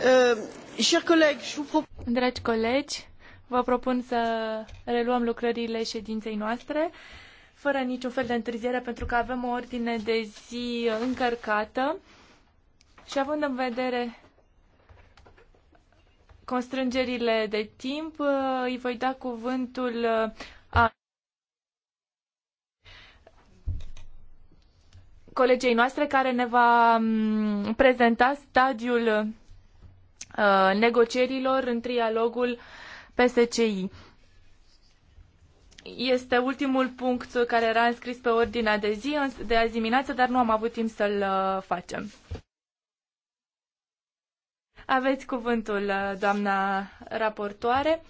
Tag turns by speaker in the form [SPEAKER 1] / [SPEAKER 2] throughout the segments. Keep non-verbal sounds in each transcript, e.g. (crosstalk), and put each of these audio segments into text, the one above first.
[SPEAKER 1] Uh,
[SPEAKER 2] Dragi colegi, vă propun să reluăm lucrările ședinței noastre fără niciun fel de întârziere pentru că avem o ordine de zi încărcată și având în vedere constrângerile de timp, uh, îi voi da cuvântul uh, a colegei noastre care ne va mm, prezenta stadiul Uh, negocierilor în trialogul PSCI. Este ultimul punct care era înscris pe ordinea de zi de azi dimineață, dar nu am avut timp să-l uh, facem. Aveți cuvântul, uh, doamna raportoare.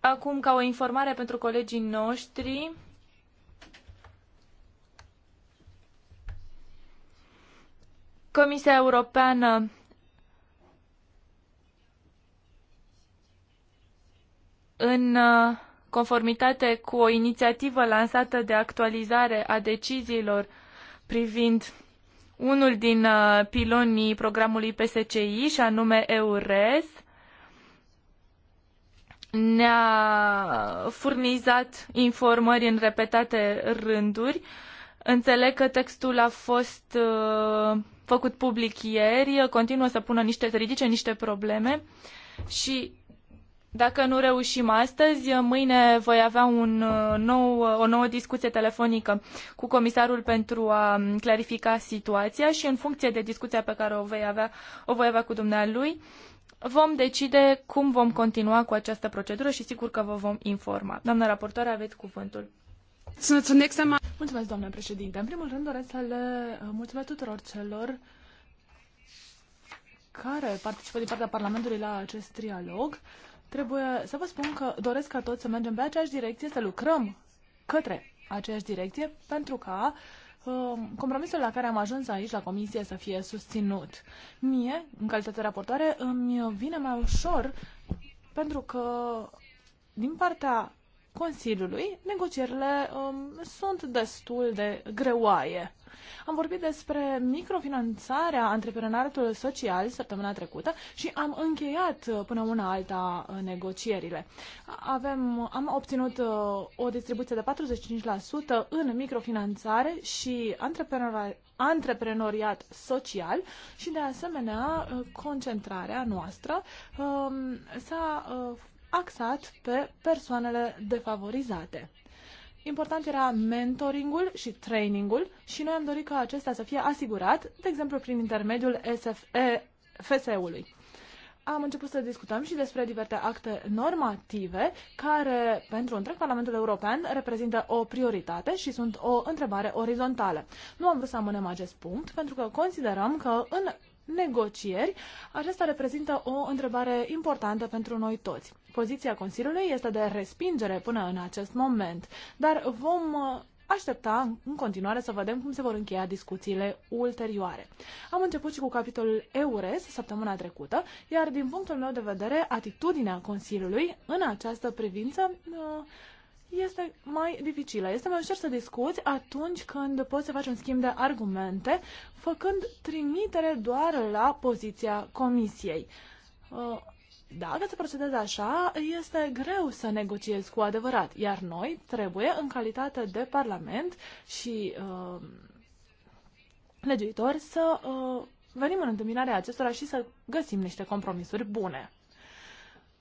[SPEAKER 2] Acum, ca o informare pentru colegii noștri, Comisia Europeană în uh, conformitate cu o inițiativă lansată de actualizare a deciziilor privind unul din uh, pilonii programului PSCI și anume EURES ne-a furnizat informări în repetate rânduri. Înțeleg că textul a fost uh, făcut public ieri, continuă să pună niște, să ridice niște probleme și dacă nu reușim astăzi, mâine voi avea un uh, nou, uh, o nouă discuție telefonică cu comisarul pentru a um, clarifica situația și în funcție de discuția pe care o, vei avea, o voi avea cu dumnealui, vom decide cum vom continua cu această procedură și sigur că vă vom informa. Doamna raportoare,
[SPEAKER 3] aveți cuvântul. Mulțumesc, doamnă președinte. În primul rând doresc să le uh, mulțumesc tuturor celor care participă din partea Parlamentului la acest trialog. Trebuie să vă spun că doresc ca toți să mergem pe aceeași direcție, să lucrăm către aceeași direcție, pentru ca uh, compromisul la care am ajuns aici la comisie să fie susținut. Mie, în calitate raportoare, îmi vine mai ușor pentru că din partea Consiliului negocierile um, sunt destul de greoaie. Am vorbit despre microfinanțarea antreprenoratului social săptămâna trecută și am încheiat uh, până una alta uh, negocierile. Avem, am obținut uh, o distribuție de 45% în microfinanțare și antreprenoriat social și, de asemenea, concentrarea noastră um, s-a axat pe persoanele defavorizate important era mentoringul și trainingul și noi am dorit ca acesta să fie asigurat, de exemplu, prin intermediul FSE-ului. Am început să discutăm și despre diverse acte normative care, pentru întreg Parlamentul European, reprezintă o prioritate și sunt o întrebare orizontală. Nu am vrut să amânem acest punct pentru că considerăm că în negocieri, Acesta reprezintă o întrebare importantă pentru noi toți. Poziția Consiliului este de respingere până în acest moment, dar vom uh, aștepta în continuare să vedem cum se vor încheia discuțiile ulterioare. Am început și cu capitolul EURES săptămâna trecută, iar din punctul meu de vedere, atitudinea Consiliului în această privință uh, este mai dificilă. Este mai ușor să discuți atunci când poți să faci un schimb de argumente, făcând trimitere doar la poziția comisiei. Uh, dacă se procedează așa, este greu să negociezi cu adevărat, iar noi trebuie, în calitate de Parlament și uh, legiuitori, să uh, venim în întâmpinarea acestora și să găsim niște compromisuri bune.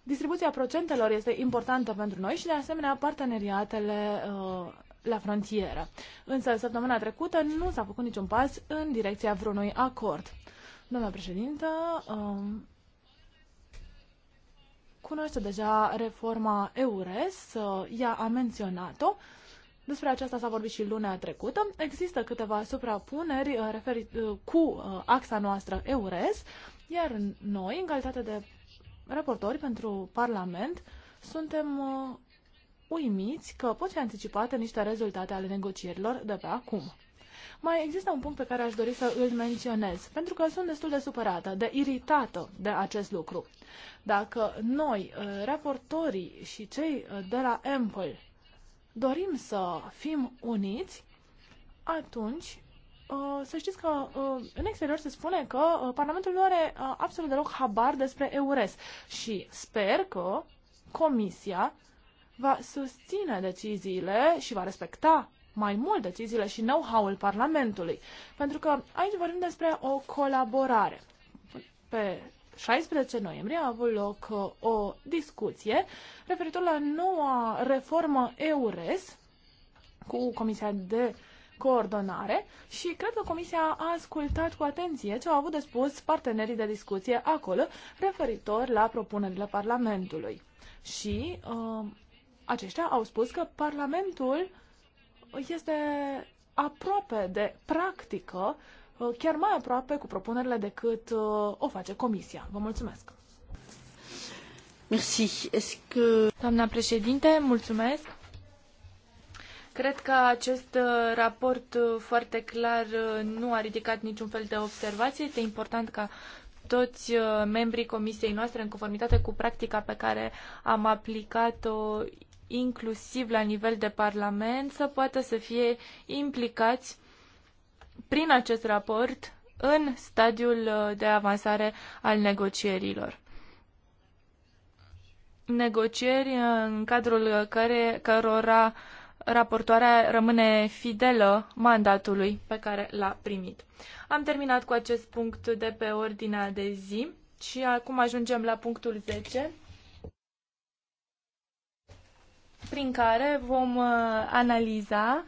[SPEAKER 3] Distribuția procentelor este importantă pentru noi și, de asemenea, parteneriatele uh, la frontieră. Însă, săptămâna trecută nu s-a făcut niciun pas în direcția vreunui acord. Doamna președintă, um, cunoaște deja reforma EURES, uh, ea a menționat-o. Despre aceasta s-a vorbit și lunea trecută. Există câteva suprapuneri uh, referi, cu axa noastră EURES, iar noi, în calitate de raportori pentru Parlament, suntem uh, uimiți că pot fi anticipate niște rezultate ale negocierilor de pe acum. Mai există un punct pe care aș dori să îl menționez, pentru că sunt destul de supărată, de iritată de acest lucru. Dacă noi, uh, raportorii și cei uh, de la Ample, dorim să fim uniți, atunci Uh, să știți că uh, în exterior se spune că uh, Parlamentul nu are absolut deloc habar despre EURES și sper că Comisia va susține deciziile și va respecta mai mult deciziile și know-how-ul Parlamentului. Pentru că aici vorbim despre o colaborare. Pe 16 noiembrie a avut loc o discuție referitor la noua reformă EURES cu Comisia de coordonare și cred că Comisia a ascultat cu atenție ce au avut de spus partenerii de discuție acolo referitor la propunerile Parlamentului. Și uh, aceștia au spus că Parlamentul este aproape de practică, uh, chiar mai aproape cu propunerile decât uh, o face Comisia. Vă mulțumesc!
[SPEAKER 2] Merci. Est-ce que... Doamna președinte, mulțumesc! Cred că acest uh, raport uh, foarte clar uh, nu a ridicat niciun fel de observație. Este important ca toți membrii comisiei noastre, în conformitate cu practica pe care am aplicat-o inclusiv la nivel de Parlament, să poată să fie implicați prin acest raport în stadiul de avansare al negocierilor negocieri în cadrul care, cărora raportoarea rămâne fidelă mandatului pe care l-a primit. Am terminat cu acest punct de pe ordinea de zi și acum ajungem la punctul 10 prin care vom uh, analiza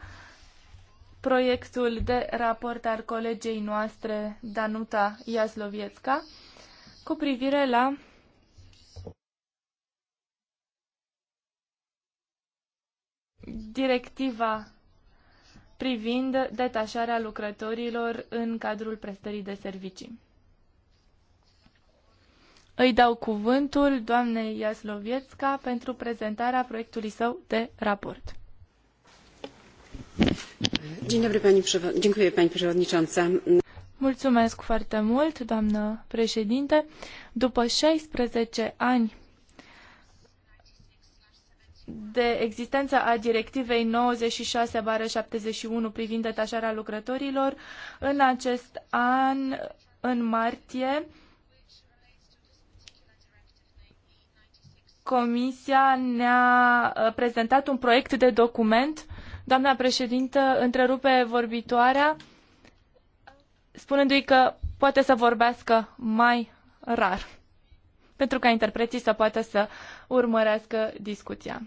[SPEAKER 2] proiectul de raport al colegei noastre Danuta Iaslovietska cu privire la directiva privind detașarea lucrătorilor în cadrul prestării de servicii. Îi dau cuvântul doamnei Iaslovietska pentru prezentarea proiectului său de raport.
[SPEAKER 1] Dzień dobry, pani, dziękuję, pani przewodnicząca.
[SPEAKER 2] Mulțumesc foarte mult, doamnă președinte. După 16 ani de existența a directivei 96-71 privind detașarea lucrătorilor în acest an, în martie, Comisia ne-a uh, prezentat un proiect de document. Doamna președintă întrerupe vorbitoarea, spunându-i că poate să vorbească mai rar, pentru ca interpreții să poată să urmărească discuția.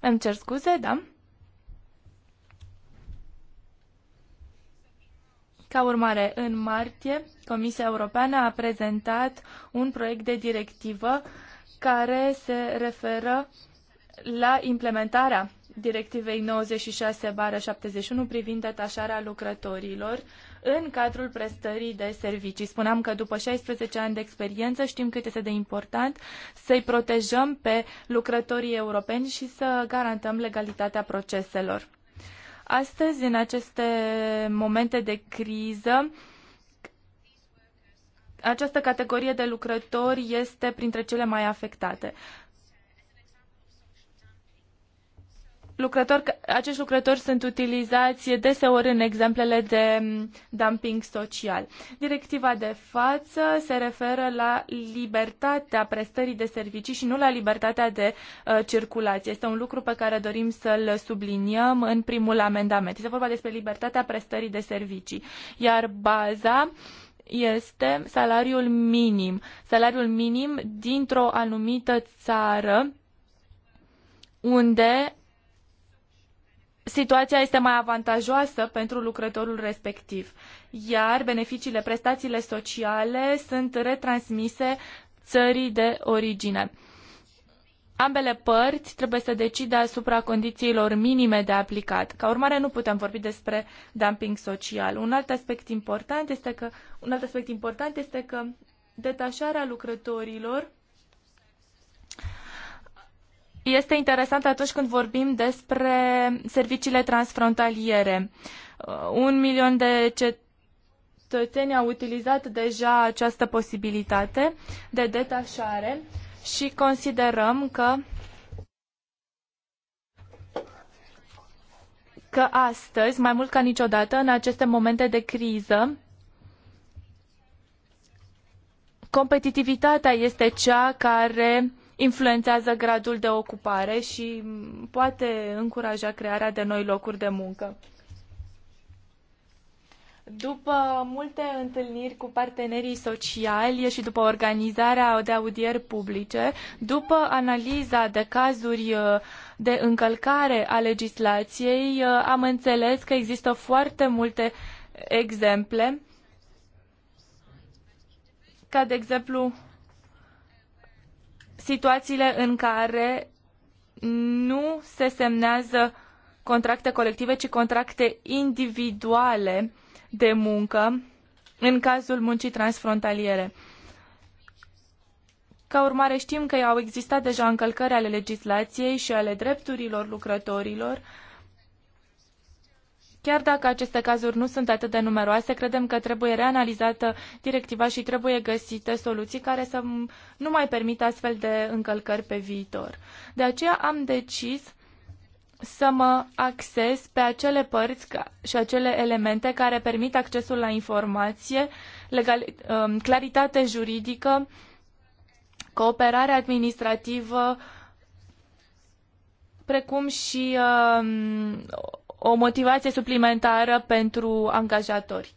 [SPEAKER 2] Îmi cer scuze, da? Ca urmare, în martie, Comisia Europeană a prezentat un proiect de directivă care se referă la implementarea Directivei 96-71 privind detașarea lucrătorilor uh, în cadrul prestării de servicii. Spuneam că după 16 ani de experiență știm cât este de important să-i protejăm pe lucrătorii europeni și să garantăm legalitatea proceselor. Astăzi, în aceste momente de criză, această categorie de lucrători este printre cele mai afectate. lucrători, acești lucrători sunt utilizați deseori în exemplele de mm, dumping social. Directiva de față se referă la libertatea prestării de servicii și nu la libertatea de uh, circulație. Este un lucru pe care dorim să-l subliniem în primul amendament. Este vorba despre libertatea prestării de servicii, iar baza este salariul minim. Salariul minim dintr-o anumită țară unde situația este mai avantajoasă pentru lucrătorul respectiv, iar beneficiile, prestațiile sociale sunt retransmise țării de origine. Ambele părți trebuie să decide asupra condițiilor minime de aplicat. Ca urmare, nu putem vorbi despre dumping social. Un alt aspect important este că, un alt aspect important este că detașarea lucrătorilor este interesant atunci când vorbim despre serviciile transfrontaliere. Uh, un milion de cetățeni au utilizat deja această posibilitate de detașare și considerăm că că astăzi, mai mult ca niciodată, în aceste momente de criză, competitivitatea este cea care influențează gradul de ocupare și poate încuraja crearea de noi locuri de muncă. După multe întâlniri cu partenerii sociali și după organizarea de audieri publice, după analiza de cazuri uh, de încălcare a legislației, uh, am înțeles că există foarte multe exemple, ca de exemplu situațiile în care nu se semnează contracte colective, ci contracte individuale de muncă în cazul muncii transfrontaliere. Ca urmare, știm că au existat deja încălcări ale legislației și ale drepturilor lucrătorilor, uh, Chiar dacă aceste cazuri nu sunt atât de numeroase, credem că trebuie reanalizată directiva și trebuie găsite soluții care să nu mai permită astfel de încălcări pe viitor. De aceea am decis să mă axez pe acele părți și acele elemente care permit accesul la informație, legal, um, claritate juridică, cooperare administrativă, precum și uh, o motivație suplimentară pentru angajatori.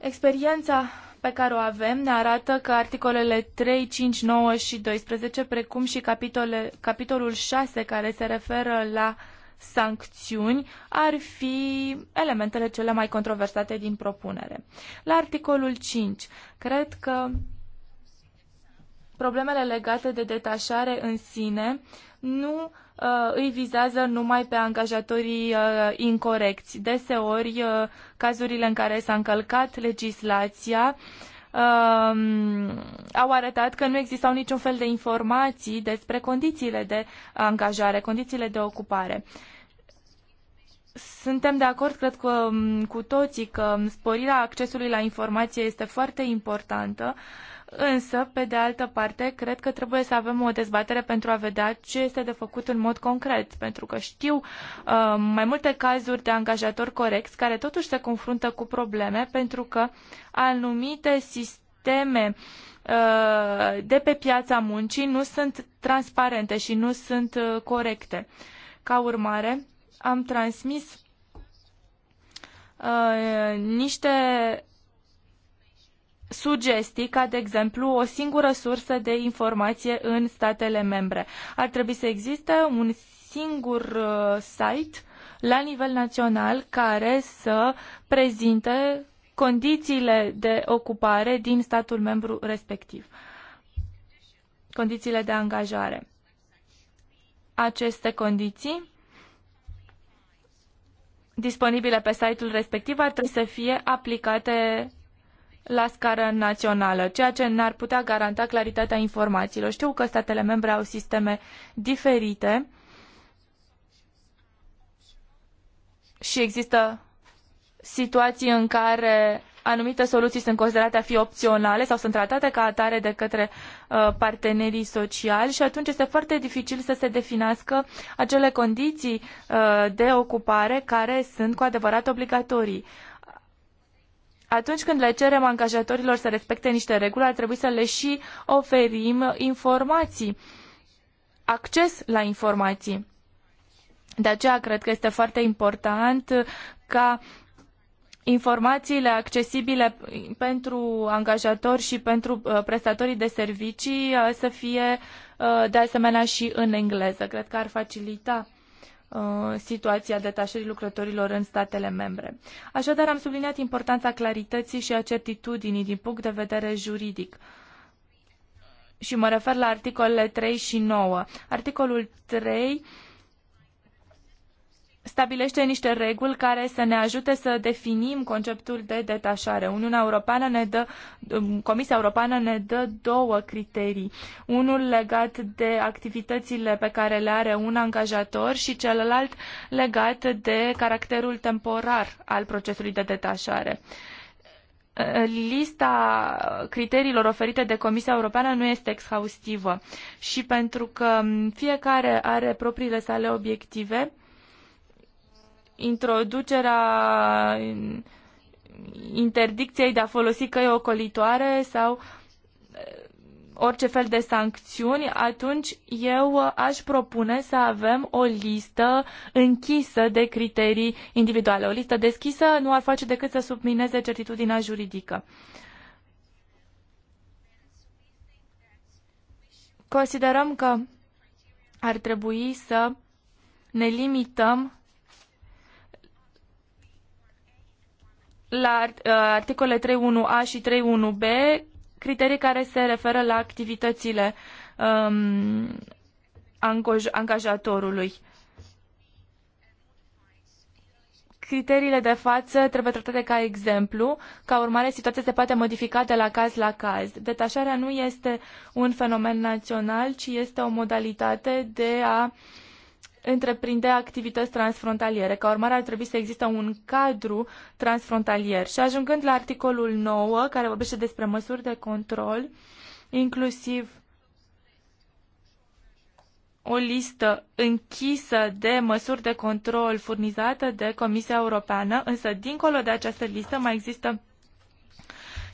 [SPEAKER 2] Experiența pe care o avem ne arată că articolele 3, 5, 9 și 12, precum și capitole, capitolul 6 care se referă la sancțiuni, ar fi elementele cele mai controversate din propunere. La articolul 5, cred că problemele legate de detașare în sine nu Uh, îi vizează numai pe angajatorii uh, incorrecți. Deseori, uh, cazurile în care s-a încălcat legislația um, au arătat că nu existau niciun fel de informații despre condițiile de angajare, condițiile de ocupare. Suntem de acord, cred că um, cu toții, că sporirea accesului la informație este foarte importantă. Uh, Însă, pe de altă parte, cred că trebuie să avem o dezbatere pentru a vedea ce este de făcut în mod concret, pentru că știu uh, mai multe cazuri de angajatori corecți care totuși se confruntă cu probleme pentru că anumite sisteme uh, de pe piața muncii nu sunt transparente și nu sunt uh, corecte. Ca urmare, am transmis uh, niște sugestii ca, de exemplu, o singură sursă de informație în statele membre. Ar trebui să existe un singur uh, site la nivel național care să prezinte condițiile de ocupare din statul membru respectiv, condițiile de angajare. Aceste condiții disponibile pe site-ul respectiv ar trebui să fie aplicate la scară națională, ceea ce n-ar putea garanta claritatea informațiilor. Știu că statele membre au sisteme diferite și există situații în care anumite soluții sunt considerate a fi opționale sau sunt tratate ca atare de către uh, partenerii sociali și atunci este foarte dificil să se definească acele condiții uh, de ocupare care sunt cu adevărat obligatorii atunci când le cerem angajatorilor să respecte niște reguli, ar trebui să le și oferim informații, acces la informații. De aceea cred că este foarte important ca informațiile accesibile pentru angajatori și pentru uh, prestatorii de servicii uh, să fie uh, de asemenea și în engleză. Cred că ar facilita Uh, situația detașării lucrătorilor în statele membre. Așadar, am subliniat importanța clarității și a certitudinii din punct de vedere juridic. Și mă refer la articolele 3 și 9. Articolul 3 stabilește niște reguli care să ne ajute să definim conceptul de detașare. Uniunea Europeană ne dă, um, Comisia Europeană ne dă două criterii. Unul legat de activitățile pe care le are un angajator și celălalt legat de caracterul temporar al procesului de detașare. Lista criteriilor oferite de Comisia Europeană nu este exhaustivă și pentru că fiecare are propriile sale obiective, introducerea interdicției de a folosi căi ocolitoare sau eh, orice fel de sancțiuni, atunci eu aș propune să avem o listă închisă de criterii individuale. O listă deschisă nu ar face decât să submineze certitudinea juridică. Considerăm că ar trebui să ne limităm la uh, articole 31A și 31B, criterii care se referă la activitățile um, angajatorului. Criteriile de față trebuie tratate ca exemplu, ca urmare situația se poate modifica de la caz la caz. Detașarea nu este un fenomen național, ci este o modalitate de a uh, întreprinde activități transfrontaliere. Ca urmare, ar trebui să existe un cadru transfrontalier. Și ajungând la articolul 9, care vorbește despre măsuri de control, inclusiv o listă închisă de măsuri de control furnizată de Comisia Europeană, însă dincolo de această listă mai există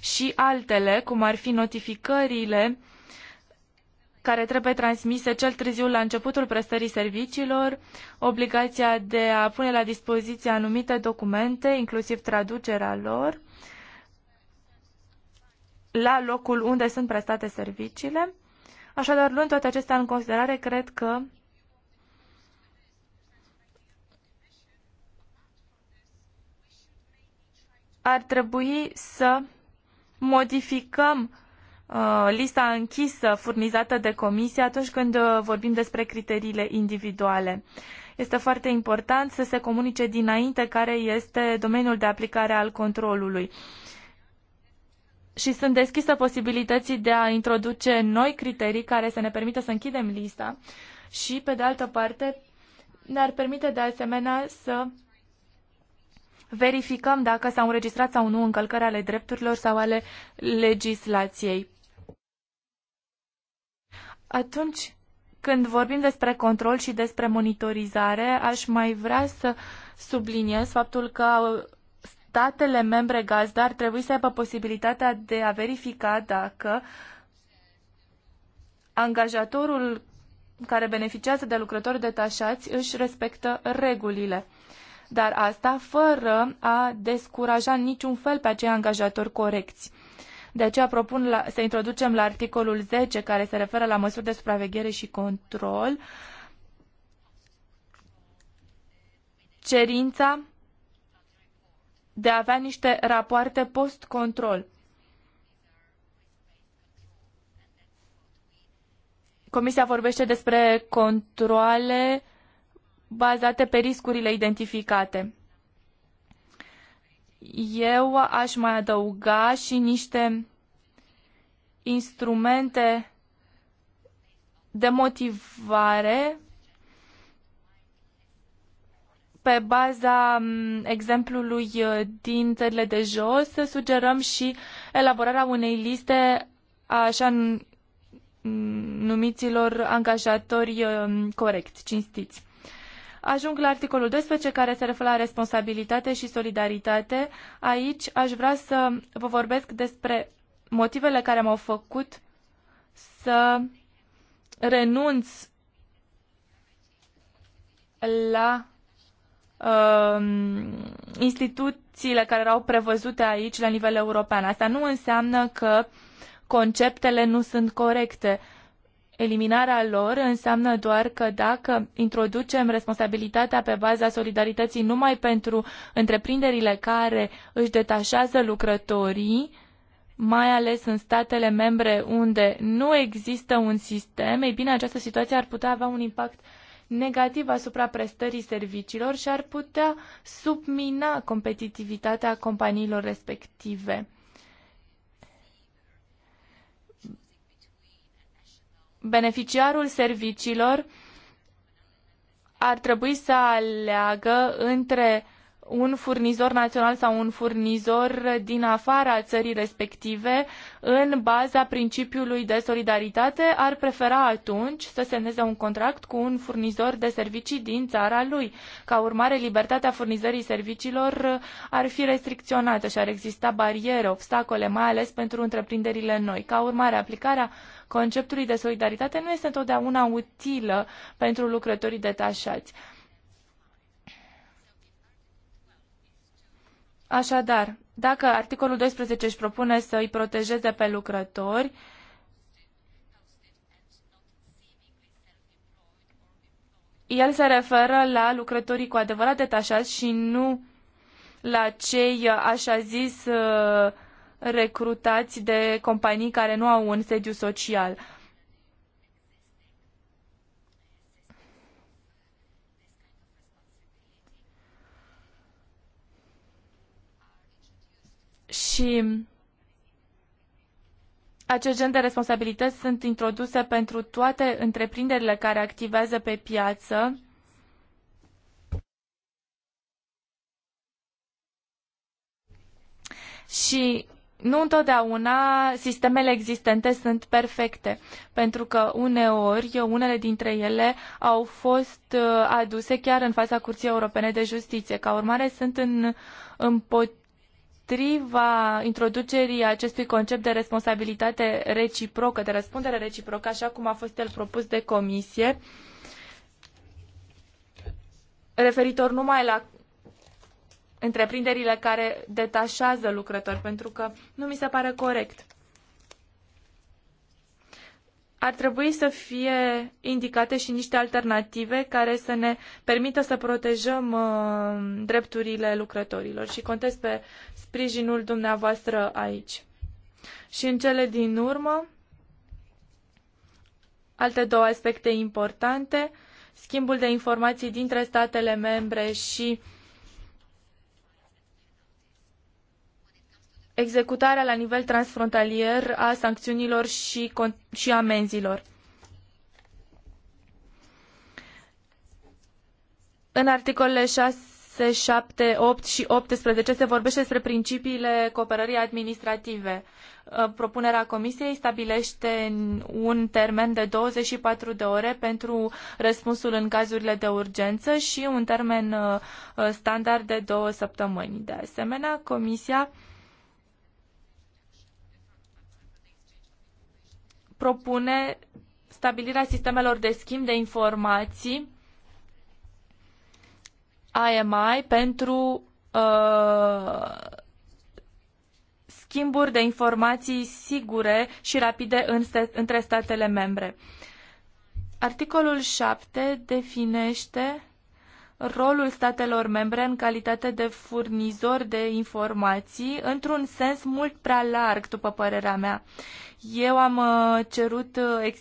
[SPEAKER 2] și altele, cum ar fi notificările care trebuie transmise cel târziu la începutul prestării serviciilor, obligația de a pune la dispoziție anumite documente, inclusiv traducerea lor, la locul unde sunt prestate serviciile. Așadar, luând toate acestea în considerare, cred că ar trebui să modificăm Uh, lista închisă furnizată de comisie atunci când uh, vorbim despre criteriile individuale. Este foarte important să se comunice dinainte care este domeniul de aplicare al controlului. Și sunt deschisă posibilității de a introduce noi criterii care să ne permită să închidem lista și, pe de altă parte, ne-ar permite de asemenea să verificăm dacă s-au înregistrat sau nu încălcări ale drepturilor sau ale legislației. Atunci când vorbim despre control și despre monitorizare, aș mai vrea să subliniez faptul că statele membre gazdă ar trebui să aibă posibilitatea de a verifica dacă angajatorul care beneficiază de lucrători detașați își respectă regulile dar asta fără a descuraja niciun fel pe acei angajatori corecți. De aceea propun la, să introducem la articolul 10, care se referă la măsuri de supraveghere și control, cerința de a avea niște rapoarte post-control. Comisia vorbește despre controle bazate pe riscurile identificate. Eu aș mai adăuga și niște instrumente de motivare pe baza mm, exemplului uh, din țările de jos, sugerăm și elaborarea unei liste a așa numiților angajatori uh, corecți, cinstiți. Ajung la articolul 12 care se referă la responsabilitate și solidaritate. Aici aș vrea să vă vorbesc despre motivele care m-au făcut să renunț la uh, instituțiile care erau prevăzute aici la nivel european. Asta nu înseamnă că conceptele nu sunt corecte. Eliminarea lor înseamnă doar că dacă introducem responsabilitatea pe baza solidarității numai pentru întreprinderile care își detașează lucrătorii, mai ales în statele membre unde nu există un sistem, ei bine, această situație ar putea avea un impact negativ asupra prestării serviciilor și ar putea submina competitivitatea companiilor respective. beneficiarul serviciilor ar trebui să aleagă între un furnizor național sau un furnizor din afara țării respective, în baza principiului de solidaritate, ar prefera atunci să semneze un contract cu un furnizor de servicii din țara lui. Ca urmare, libertatea furnizării serviciilor ar fi restricționată și ar exista bariere, obstacole, mai ales pentru întreprinderile noi. Ca urmare, aplicarea conceptului de solidaritate nu este întotdeauna utilă pentru lucrătorii detașați. Așadar, dacă articolul 12 își propune să îi protejeze pe lucrători, el se referă la lucrătorii cu adevărat detașați și nu la cei așa zis recrutați de companii care nu au un sediu social. Și acest gen de responsabilități sunt introduse pentru toate întreprinderile care activează pe piață. Și nu întotdeauna sistemele existente sunt perfecte, pentru că uneori unele dintre ele au fost uh, aduse chiar în fața Curții Europene de Justiție. Ca urmare, sunt în, împotriva introducerii acestui concept de responsabilitate reciprocă, de răspundere reciprocă, așa cum a fost el propus de comisie, referitor numai la întreprinderile care detașează lucrători, pentru că nu mi se pare corect. Ar trebui să fie indicate și niște alternative care să ne permită să protejăm uh, drepturile lucrătorilor și contez pe sprijinul dumneavoastră aici. Și în cele din urmă, alte două aspecte importante, schimbul de informații dintre statele membre și executarea la nivel transfrontalier a sancțiunilor și, și amenzilor. În articolele 6, 7, 8 și 18 se vorbește despre principiile cooperării administrative. Uh, propunerea Comisiei stabilește un termen de 24 de ore pentru răspunsul în cazurile de urgență și un termen uh, standard de două săptămâni. De asemenea, Comisia propune stabilirea sistemelor de schimb de informații AMI pentru uh, schimburi de informații sigure și rapide în st între statele membre. Articolul 7 definește rolul statelor membre în calitate de furnizor de informații într-un sens mult prea larg, după părerea mea. Eu am uh, cerut uh,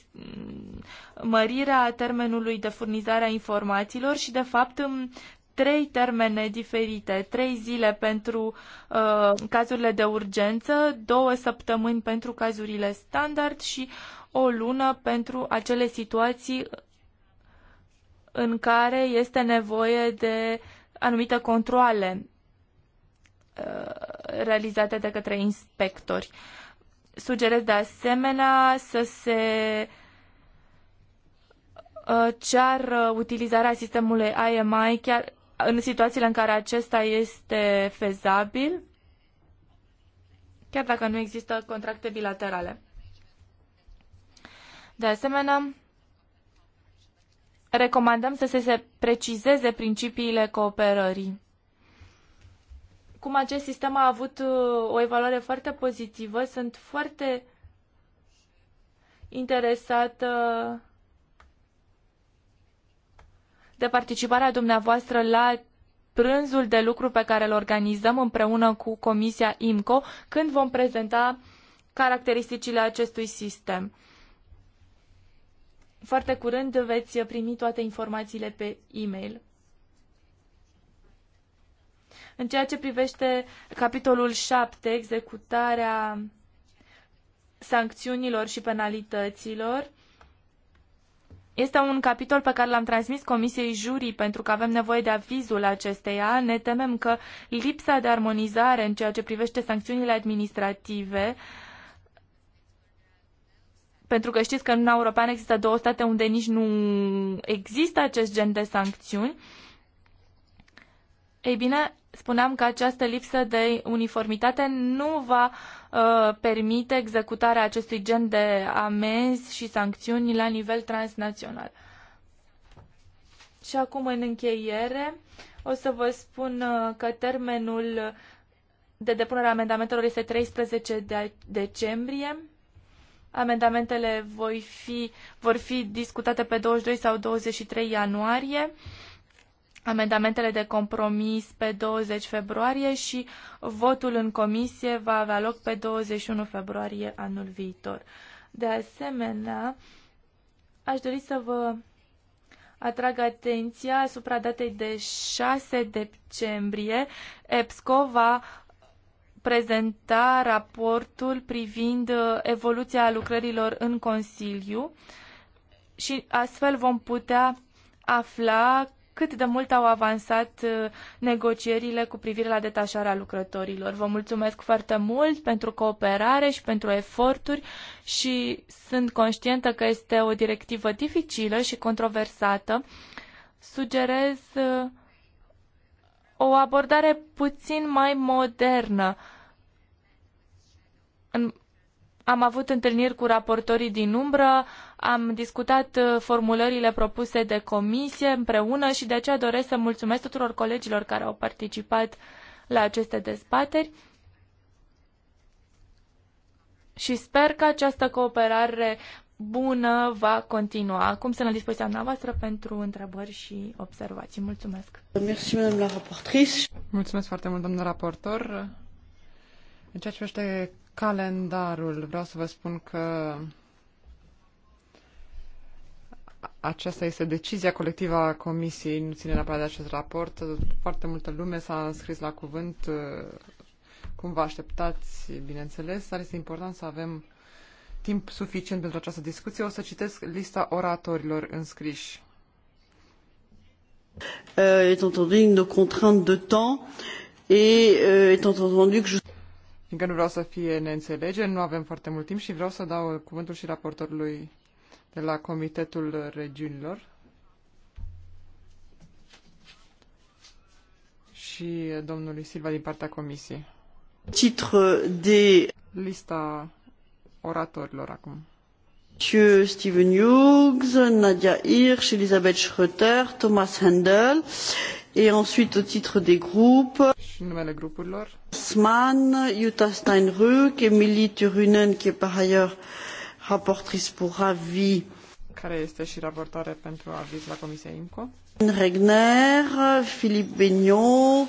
[SPEAKER 2] mărirea termenului de furnizare a informațiilor și, de fapt, um, trei termene diferite, trei zile pentru uh, cazurile de urgență, două săptămâni pentru cazurile standard și o lună pentru acele situații în care este nevoie de anumite controle uh, realizate de către inspectori. Sugerez de asemenea să se uh, cear utilizarea sistemului IMI chiar în situațiile în care acesta este fezabil, chiar dacă nu există contracte bilaterale. De asemenea, recomandăm să se precizeze principiile cooperării. Cum acest sistem a avut uh, o evaluare foarte pozitivă, sunt foarte interesată de participarea dumneavoastră la prânzul de lucru pe care îl organizăm împreună cu Comisia IMCO, când vom prezenta caracteristicile acestui sistem. Foarte curând veți primi toate informațiile pe e-mail. În ceea ce privește capitolul 7, executarea sancțiunilor și penalităților, este un capitol pe care l-am transmis Comisiei Jurii pentru că avem nevoie de avizul acesteia. Ne temem că lipsa de armonizare în ceea ce privește sancțiunile administrative uh, pentru că știți că în Uniunea Europeană există două state unde nici nu există acest gen de sancțiuni. Ei bine, spuneam că această lipsă de uniformitate nu va uh, permite executarea acestui gen de amenzi și sancțiuni la nivel transnațional. Și acum, în încheiere, o să vă spun uh, că termenul de depunere a amendamentelor este 13 de decembrie Amendamentele voi fi, vor fi discutate pe 22 sau 23 ianuarie, amendamentele de compromis pe 20 februarie și votul în comisie va avea loc pe 21 februarie anul viitor. De asemenea, aș dori să vă atrag atenția asupra datei de 6 decembrie. EPSCO va prezenta raportul privind uh, evoluția lucrărilor în Consiliu și astfel vom putea afla cât de mult au avansat uh, negocierile cu privire la detașarea lucrătorilor. Vă mulțumesc foarte mult pentru cooperare și pentru eforturi și sunt conștientă că este o directivă dificilă și controversată. Sugerez uh, o abordare puțin mai modernă. În, am avut întâlniri cu raportorii din umbră, am discutat uh, formulările propuse de comisie împreună și de aceea doresc să mulțumesc tuturor colegilor care au participat la aceste dezbateri și sper că această cooperare bună va continua. Acum sunt la dispoziția noastră pentru întrebări și observații. Mulțumesc!
[SPEAKER 4] Mulțumesc foarte mult, domnul raportor. În ceea ce privește calendarul, vreau să vă spun că aceasta este decizia colectivă a Comisiei, nu ține neapărat de acest raport. Foarte multă lume s-a înscris la cuvânt, cum vă așteptați, bineînțeles, dar este important să avem timp suficient pentru această discuție, o să citesc lista oratorilor înscriși.
[SPEAKER 1] Euh, étant euh,
[SPEAKER 4] Fiindcă nu vreau să fie neînțelege, nu avem foarte mult timp și vreau să dau cuvântul și raportorului de la Comitetul Regiunilor. și domnului Silva din partea comisiei. Titre de... Lista oratorilor acum.
[SPEAKER 1] Monsieur Stephen Hughes, Nadia Hirsch, Elisabeth Schröter, Thomas Handel et ensuite au titre des groupes Sman, Jutta Steinruck, Emilie Turunen qui est par ailleurs rapportrice pour avis
[SPEAKER 4] care este și raportare pentru aviz la Comisia IMCO.
[SPEAKER 1] Regner, Philippe Beignon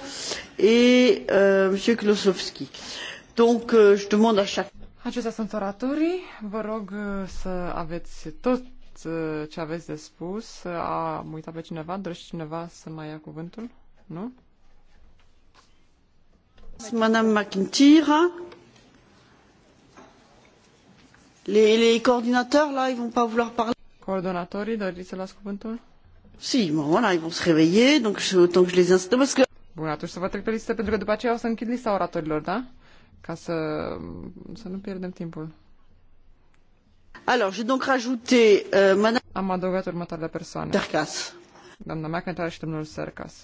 [SPEAKER 1] et euh, M. Klosowski. Donc,
[SPEAKER 4] euh, je demande à chaque... Acestea sunt oratorii. Vă rog uh, să aveți tot uh, ce aveți de spus. A uitat pe cineva? Dorește cineva să mai ia cuvântul? Nu? Madame McIntyre.
[SPEAKER 1] Les, les coordinateurs, là, ils vont pas vouloir parler. Coordonatorii, doriți să las cuvântul?
[SPEAKER 4] Si, bon, voilà, ils vont se réveiller, donc je, autant que je les installe, parce que... Bun, atunci să vă trec pe listă, pentru că după aceea o să închid lista oratorilor, da? ca să, să nu pierdem timpul. Alors, j'ai donc rajouté, euh, madame... Am adăugat următoarele persoane. Sercas. Doamna McIntyre și domnul Sercas.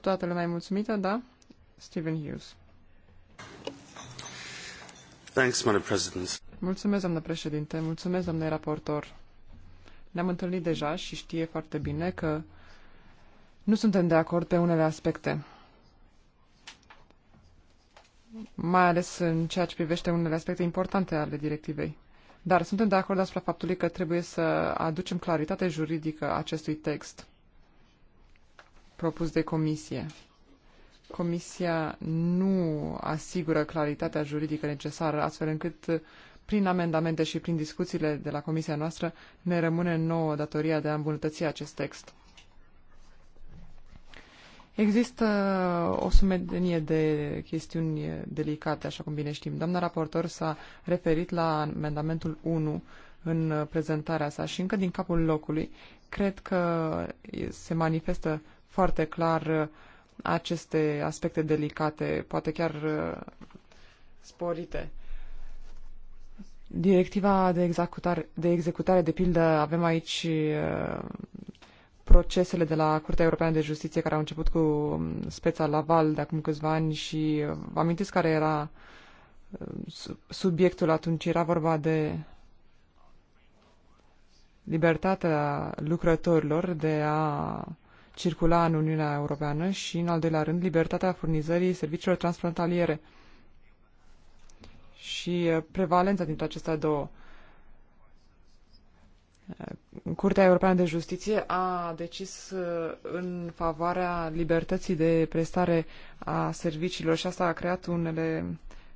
[SPEAKER 4] Toată lumea e mulțumită, da? Stephen Hughes.
[SPEAKER 3] Thanks, Madam President.
[SPEAKER 4] Mulțumesc, doamnă președinte, mulțumesc, doamnă raportor. Ne-am întâlnit deja și știe foarte bine că nu suntem de acord pe unele aspecte mai ales în ceea ce privește unele aspecte importante ale directivei. Dar suntem de acord asupra faptului că trebuie să aducem claritate juridică acestui text propus de comisie. Comisia nu asigură claritatea juridică necesară, astfel încât prin amendamente și prin discuțiile de la comisia noastră ne rămâne nouă datoria de a îmbunătăți acest text. Există o sumedenie de chestiuni delicate, așa cum bine știm. Doamna raportor s-a referit la amendamentul 1 în prezentarea sa și încă din capul locului cred că se manifestă foarte clar aceste aspecte delicate, poate chiar uh, sporite. Directiva de executare, de executare, de pildă, avem aici uh, procesele de la Curtea Europeană de Justiție care au început cu um, speța Laval de acum câțiva ani și uh, vă amintiți care era uh, subiectul atunci? Era vorba de libertatea lucrătorilor de a circula în Uniunea Europeană și, în al doilea rând, libertatea furnizării serviciilor transfrontaliere și uh, prevalența dintre acestea două. Curtea Europeană de Justiție a decis uh, în favoarea libertății de prestare a serviciilor și asta a creat unele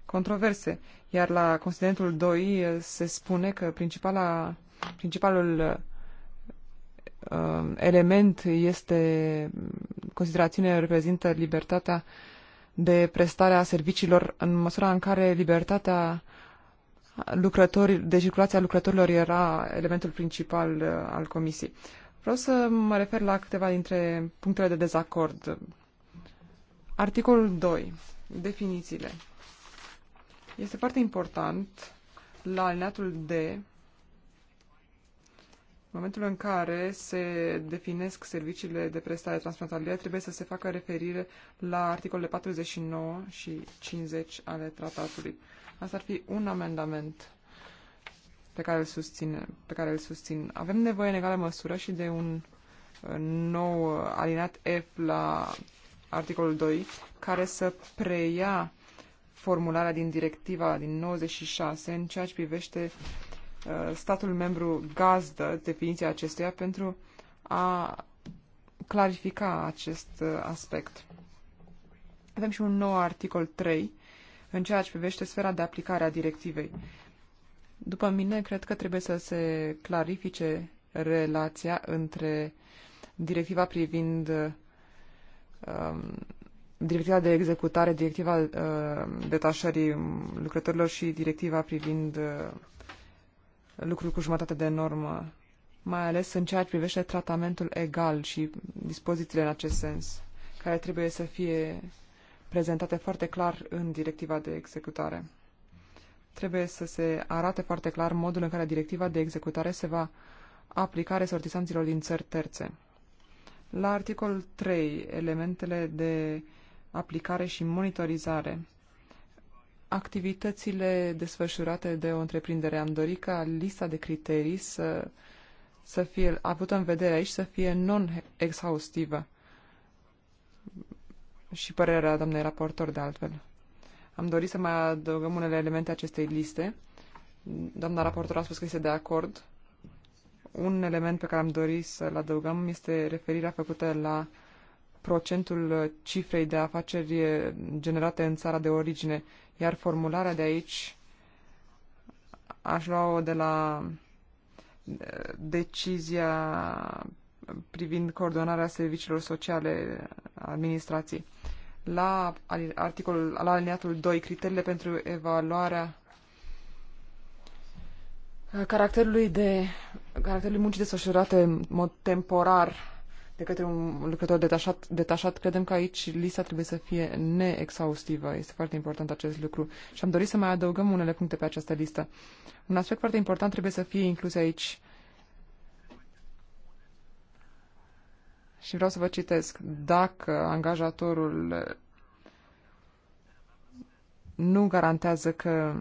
[SPEAKER 4] controverse. Iar la considerentul 2 uh, se spune că principala, principalul uh, element este considerațiune reprezintă libertatea de prestare a serviciilor în măsura în care libertatea uh, lucrători, de circulația lucrătorilor era elementul principal uh, al comisiei. Vreau să mă refer la câteva dintre punctele de dezacord. Articolul 2. Definițiile. Este foarte important la alineatul D, în momentul în care se definesc serviciile de prestare transfrontalieră, trebuie să se facă referire la articolele 49 și 50 ale tratatului. Asta ar fi un amendament pe care îl susțin. Pe care îl susțin. Avem nevoie în egală măsură și de un uh, nou alinat F la articolul 2 care să preia formularea din directiva din 96 în ceea ce privește uh, statul membru gazdă, definiția acestuia, pentru a clarifica acest uh, aspect. Avem și un nou articol 3 în ceea ce privește sfera de aplicare a directivei. După mine, cred că trebuie să se clarifice relația între directiva privind um, directiva de executare, directiva uh, detașării lucrătorilor și directiva privind uh, lucruri cu jumătate de normă, mai ales în ceea ce privește tratamentul egal și dispozițiile în acest sens, care trebuie să fie prezentate foarte clar în directiva de executare. Trebuie să se arate foarte clar modul în care directiva de executare se va aplica resortisanților din țări terțe. La articolul 3, elementele de aplicare și monitorizare. Activitățile desfășurate de o întreprindere. Am dorit ca lista de criterii să, să fie avută în vedere aici, să fie non-exhaustivă și părerea doamnei raportor, de altfel. Am dorit să mai adăugăm unele elemente acestei liste. Doamna raportor a spus că este de acord. Un element pe care am dorit să-l adăugăm este referirea făcută la procentul cifrei de afaceri generate în țara de origine, iar formularea de aici aș lua-o de la decizia privind coordonarea serviciilor sociale administrației la articolul, la aliniatul 2, criteriile pentru evaluarea caracterului de caracterului muncii desfășurate în mod temporar de către un lucrător detașat, detașat, credem că aici lista trebuie să fie neexhaustivă. Este foarte important acest lucru și am dorit să mai adăugăm unele puncte pe această listă. Un aspect foarte important trebuie să fie inclus aici și vreau să vă citesc, dacă angajatorul nu garantează că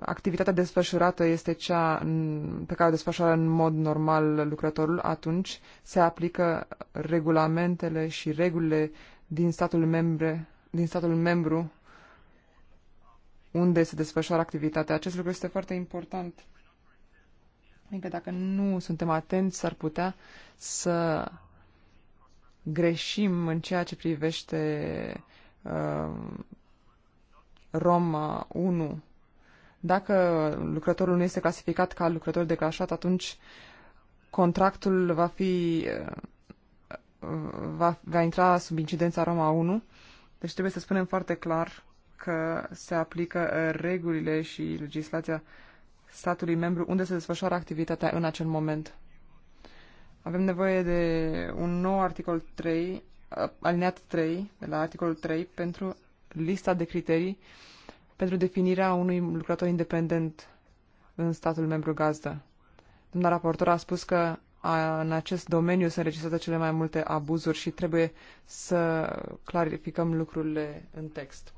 [SPEAKER 4] activitatea desfășurată este cea pe care o desfășoară în mod normal lucrătorul, atunci se aplică regulamentele și regulile din statul, membre, din statul membru unde se desfășoară activitatea. Acest lucru este foarte important Adică dacă nu suntem atenți, s-ar putea să greșim în ceea ce privește uh, Roma 1. Dacă lucrătorul nu este clasificat ca lucrător clasat, atunci contractul va fi uh, va, va intra sub incidența Roma 1. Deci trebuie să spunem foarte clar că se aplică uh, regulile și legislația uh, statului membru unde se desfășoară activitatea în acel moment. Avem nevoie de un nou articol 3, ă, alineat 3, de la articolul 3, pentru lista de criterii pentru definirea unui lucrător independent în statul membru gazdă. Domnul raportor a spus că a, în acest domeniu sunt înregistrate cele mai multe abuzuri și trebuie să clarificăm lucrurile în text.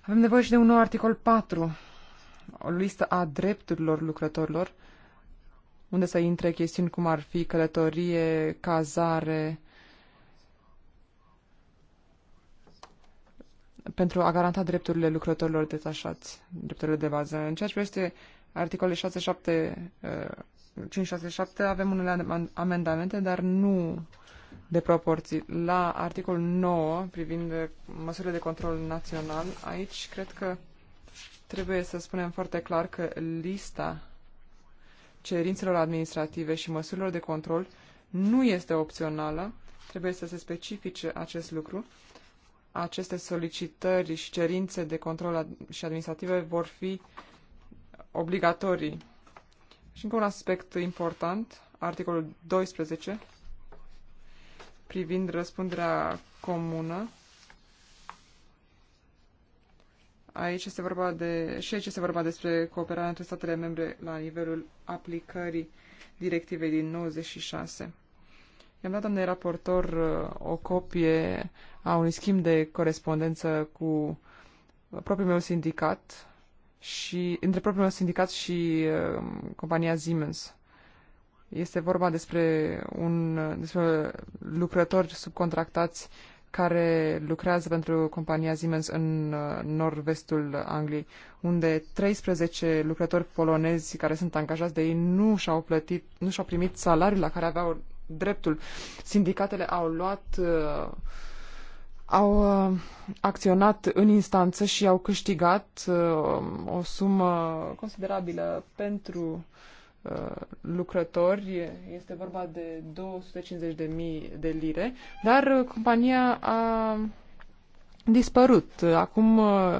[SPEAKER 4] Avem nevoie și de un nou articol 4 o listă a drepturilor lucrătorilor, unde să intre chestiuni cum ar fi călătorie, cazare, pentru a garanta drepturile lucrătorilor detașați, drepturile de bază. În ceea ce privește articolele 6, 7, 5, 6, 7, avem unele amendamente, dar nu de proporții. La articolul 9, privind măsurile de control național, aici cred că Trebuie să spunem foarte clar că lista cerințelor administrative și măsurilor de control nu este opțională, trebuie să se specifice acest lucru. Aceste solicitări și cerințe de control și administrative vor fi obligatorii. Și încă un aspect important, articolul 12, privind răspunderea comună, Aici este vorba de, și aici este vorba despre cooperarea între statele membre la nivelul aplicării directivei din 96. I-am dat, doamnei raportor, uh, o copie a unui schimb de corespondență cu propriul meu sindicat și între propriul meu sindicat și uh, compania Siemens. Este vorba despre, un, despre lucrători subcontractați uh, care lucrează pentru compania Siemens în uh, nord-vestul Angliei, unde 13 lucrători polonezi care sunt angajați de ei nu și-au plătit, nu și-au primit salariul la care aveau dreptul. Sindicatele au luat uh, au uh, acționat în instanță și au câștigat o sumă considerabilă pentru uh, Uh, lucrători, este vorba de 250.000 de lire, dar uh, compania a dispărut. Acum uh,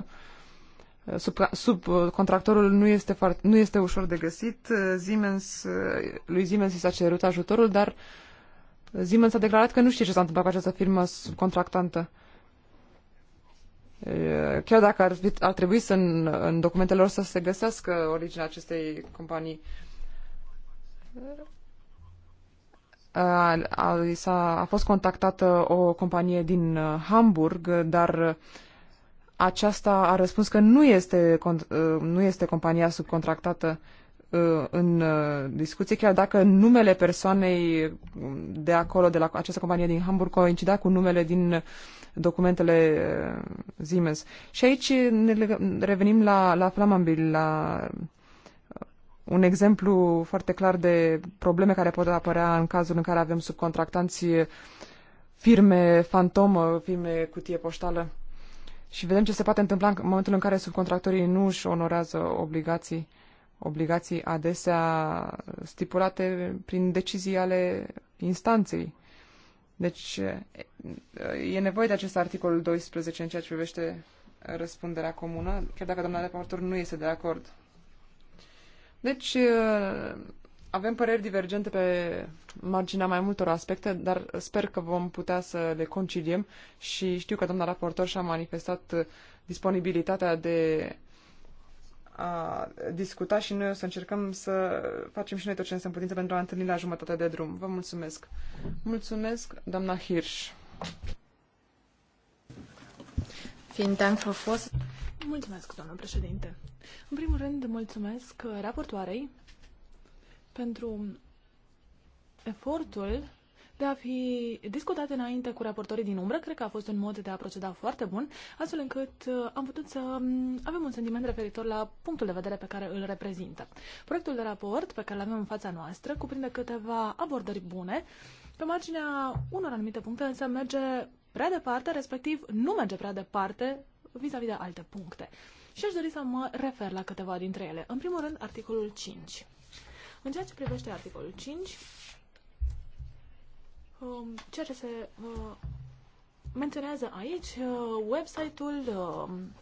[SPEAKER 4] sub, sub contractorul nu este, foarte, nu este ușor de găsit. Siemens, lui Siemens i s-a cerut ajutorul, dar Siemens a declarat că nu știe ce s-a întâmplat cu această firmă subcontractantă. Chiar dacă ar, ar trebui să în, în documentele lor să se găsească originea acestei companii. Uh, a, a, a, fost contactată o companie din uh, Hamburg, dar uh, aceasta a răspuns că nu este, uh, nu este compania subcontractată în discuție, chiar dacă numele persoanei um, de acolo, de la această companie din Hamburg, coincidea cu numele din documentele Siemens. Și aici ne revenim la, la Flamanville, la un exemplu foarte clar de probleme care pot apărea în cazul în care avem subcontractanți eh, firme fantomă, firme cutie poștală. Și vedem ce se poate întâmpla în momentul în care subcontractorii nu își onorează obligații, obligații adesea stipulate prin decizii ale instanței. Deci eh, e nevoie de acest articol 12 în ceea ce privește răspunderea comună, chiar dacă doamna raportor nu este de acord. Deci, uh, avem păreri divergente pe marginea mai multor aspecte, dar sper că vom putea să le conciliem și știu că doamna raportor și-a manifestat disponibilitatea de a discuta și noi o să încercăm să facem și noi tot ce ne în putință pentru a întâlni la jumătate de drum. Vă mulțumesc. Mulțumesc, doamna Hirsch.
[SPEAKER 3] Mulțumesc, doamnă președinte. În primul rând, mulțumesc raportoarei pentru efortul de a fi discutat înainte cu raportorii din umbră. Cred că a fost un mod de a proceda foarte bun, astfel încât uh, am putut să um, avem un sentiment referitor la punctul de vedere pe care îl reprezintă. Proiectul de raport pe care îl avem în fața noastră cuprinde câteva abordări bune. Pe marginea unor anumite puncte însă merge prea departe, respectiv nu merge prea departe vis-a-vis -vis de alte puncte. Și aș dori să mă refer la câteva dintre ele. În primul rând, articolul 5. În ceea ce privește articolul 5, um, ceea ce se uh, menționează aici, uh, website-ul um,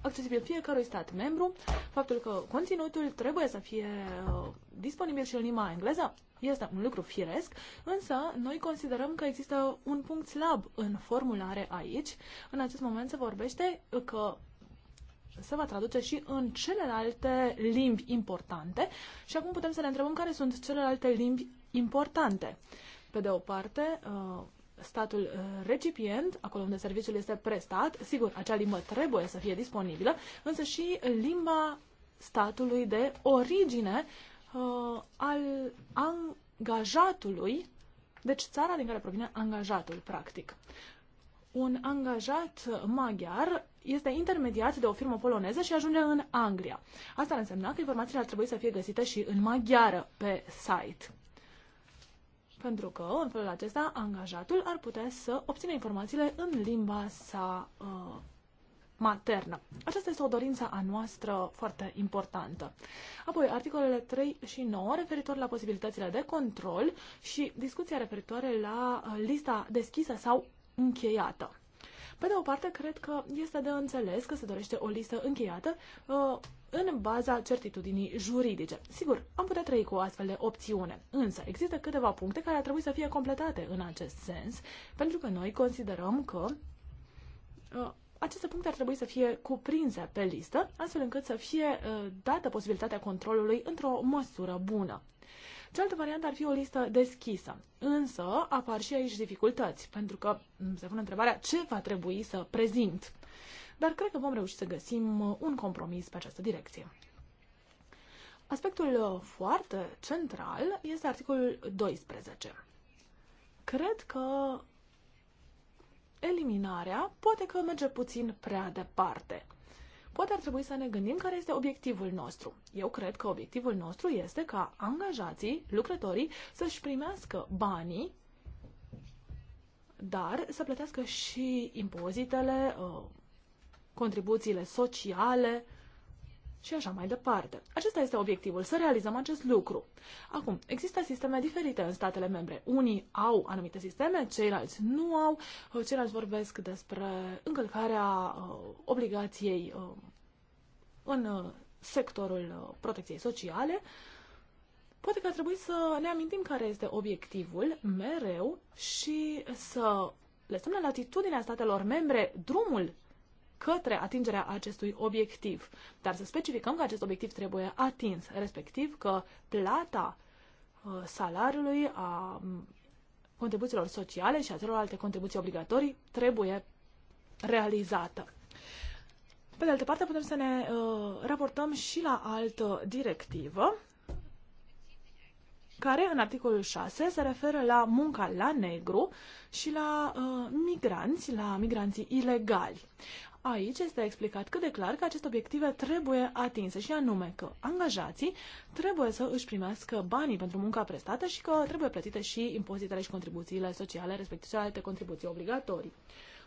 [SPEAKER 3] accesibil fiecărui stat membru, faptul că conținutul trebuie să fie uh, disponibil și în limba engleză, este un lucru firesc, însă noi considerăm că există un punct slab în formulare aici. În acest moment se vorbește că se va traduce și în celelalte limbi importante și acum putem să ne întrebăm care sunt celelalte limbi importante. Pe de o parte, uh, statul uh, recipient, acolo unde serviciul este prestat, sigur, acea limbă trebuie să fie disponibilă, însă și limba statului de origine uh, al angajatului, deci țara din care provine angajatul, practic. Un angajat maghiar este intermediat de o firmă poloneză și ajunge în Anglia. Asta ar însemna că informațiile ar trebui să fie găsite și în maghiară pe site. Pentru că, în felul acesta, angajatul ar putea să obțină informațiile în limba sa uh, maternă. Aceasta este o dorință a noastră foarte importantă. Apoi, articolele 3 și 9 referitor la posibilitățile de control și discuția referitoare la uh, lista deschisă sau încheiată. Pe de o parte, cred că este de înțeles că se dorește o listă încheiată uh, în baza certitudinii juridice. Sigur, am putea trăi cu o astfel de opțiune, însă există câteva puncte care ar trebui să fie completate în acest sens, pentru că noi considerăm că uh, aceste puncte ar trebui să fie cuprinse pe listă, astfel încât să fie uh, dată posibilitatea controlului într-o măsură bună. Cealaltă variantă ar fi o listă deschisă. Însă apar și aici dificultăți, pentru că mm, se pune întrebarea ce va trebui să prezint. Dar cred că vom reuși să găsim uh, un compromis pe această direcție. Aspectul uh, foarte central este articolul 12. Cred că eliminarea poate că merge puțin prea departe. Poate ar trebui să ne gândim care este obiectivul nostru. Eu cred că obiectivul nostru este ca angajații, lucrătorii, să-și primească banii, dar să plătească și impozitele, uh, contribuțiile sociale, și așa mai departe. Acesta este obiectivul, să realizăm acest lucru. Acum, există sisteme diferite în statele membre. Unii au anumite sisteme, ceilalți nu au, uh, ceilalți vorbesc despre încălcarea uh, obligației uh, în uh, sectorul uh, protecției sociale. Poate că ar trebui să ne amintim care este obiectivul mereu și să lăsăm la latitudinea statelor membre drumul către atingerea acestui obiectiv. Dar să specificăm că acest obiectiv trebuie atins, respectiv că plata uh, salariului, a contribuțiilor sociale și a celorlalte contribuții obligatorii trebuie realizată. Pe de altă parte, putem să ne uh, raportăm și la altă directivă, care în articolul 6 se referă la munca la negru și la uh, migranți, la migranții ilegali. Aici este explicat cât de clar că aceste obiective trebuie atinse și anume că angajații trebuie să își primească banii pentru munca prestată și că trebuie plătite și impozitele și contribuțiile sociale, respectiv alte contribuții obligatorii.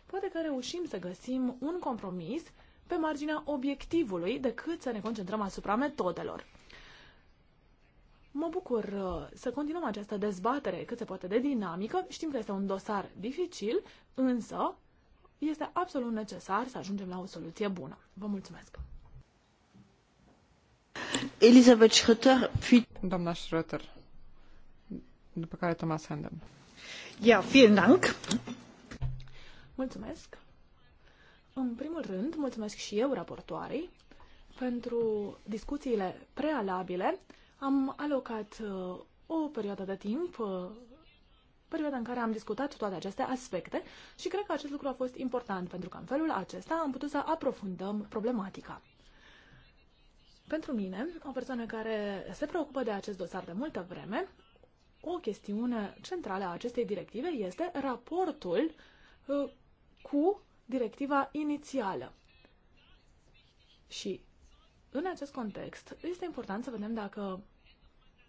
[SPEAKER 3] Poate că reușim să găsim un compromis pe marginea obiectivului decât să ne concentrăm asupra metodelor. Mă bucur uh, să continuăm această dezbatere cât se poate de dinamică. Știm că este un dosar dificil, însă este absolut necesar să ajungem la o soluție bună. Vă mulțumesc!
[SPEAKER 4] Elizabeth Schröter, fi... Doamna Schröter, după care Thomas Handel. Ja, vielen Dank!
[SPEAKER 3] Mulțumesc! În primul rând, mulțumesc și eu raportoarei pentru discuțiile prealabile. Am alocat uh, o perioadă de timp uh, perioada în care am discutat toate aceste aspecte și cred că acest lucru a fost important pentru că în felul acesta am putut să aprofundăm problematica. Pentru mine, o persoană care se preocupă de acest dosar de multă vreme, o chestiune centrală a acestei directive este raportul uh, cu directiva inițială. Și în acest context este important să vedem dacă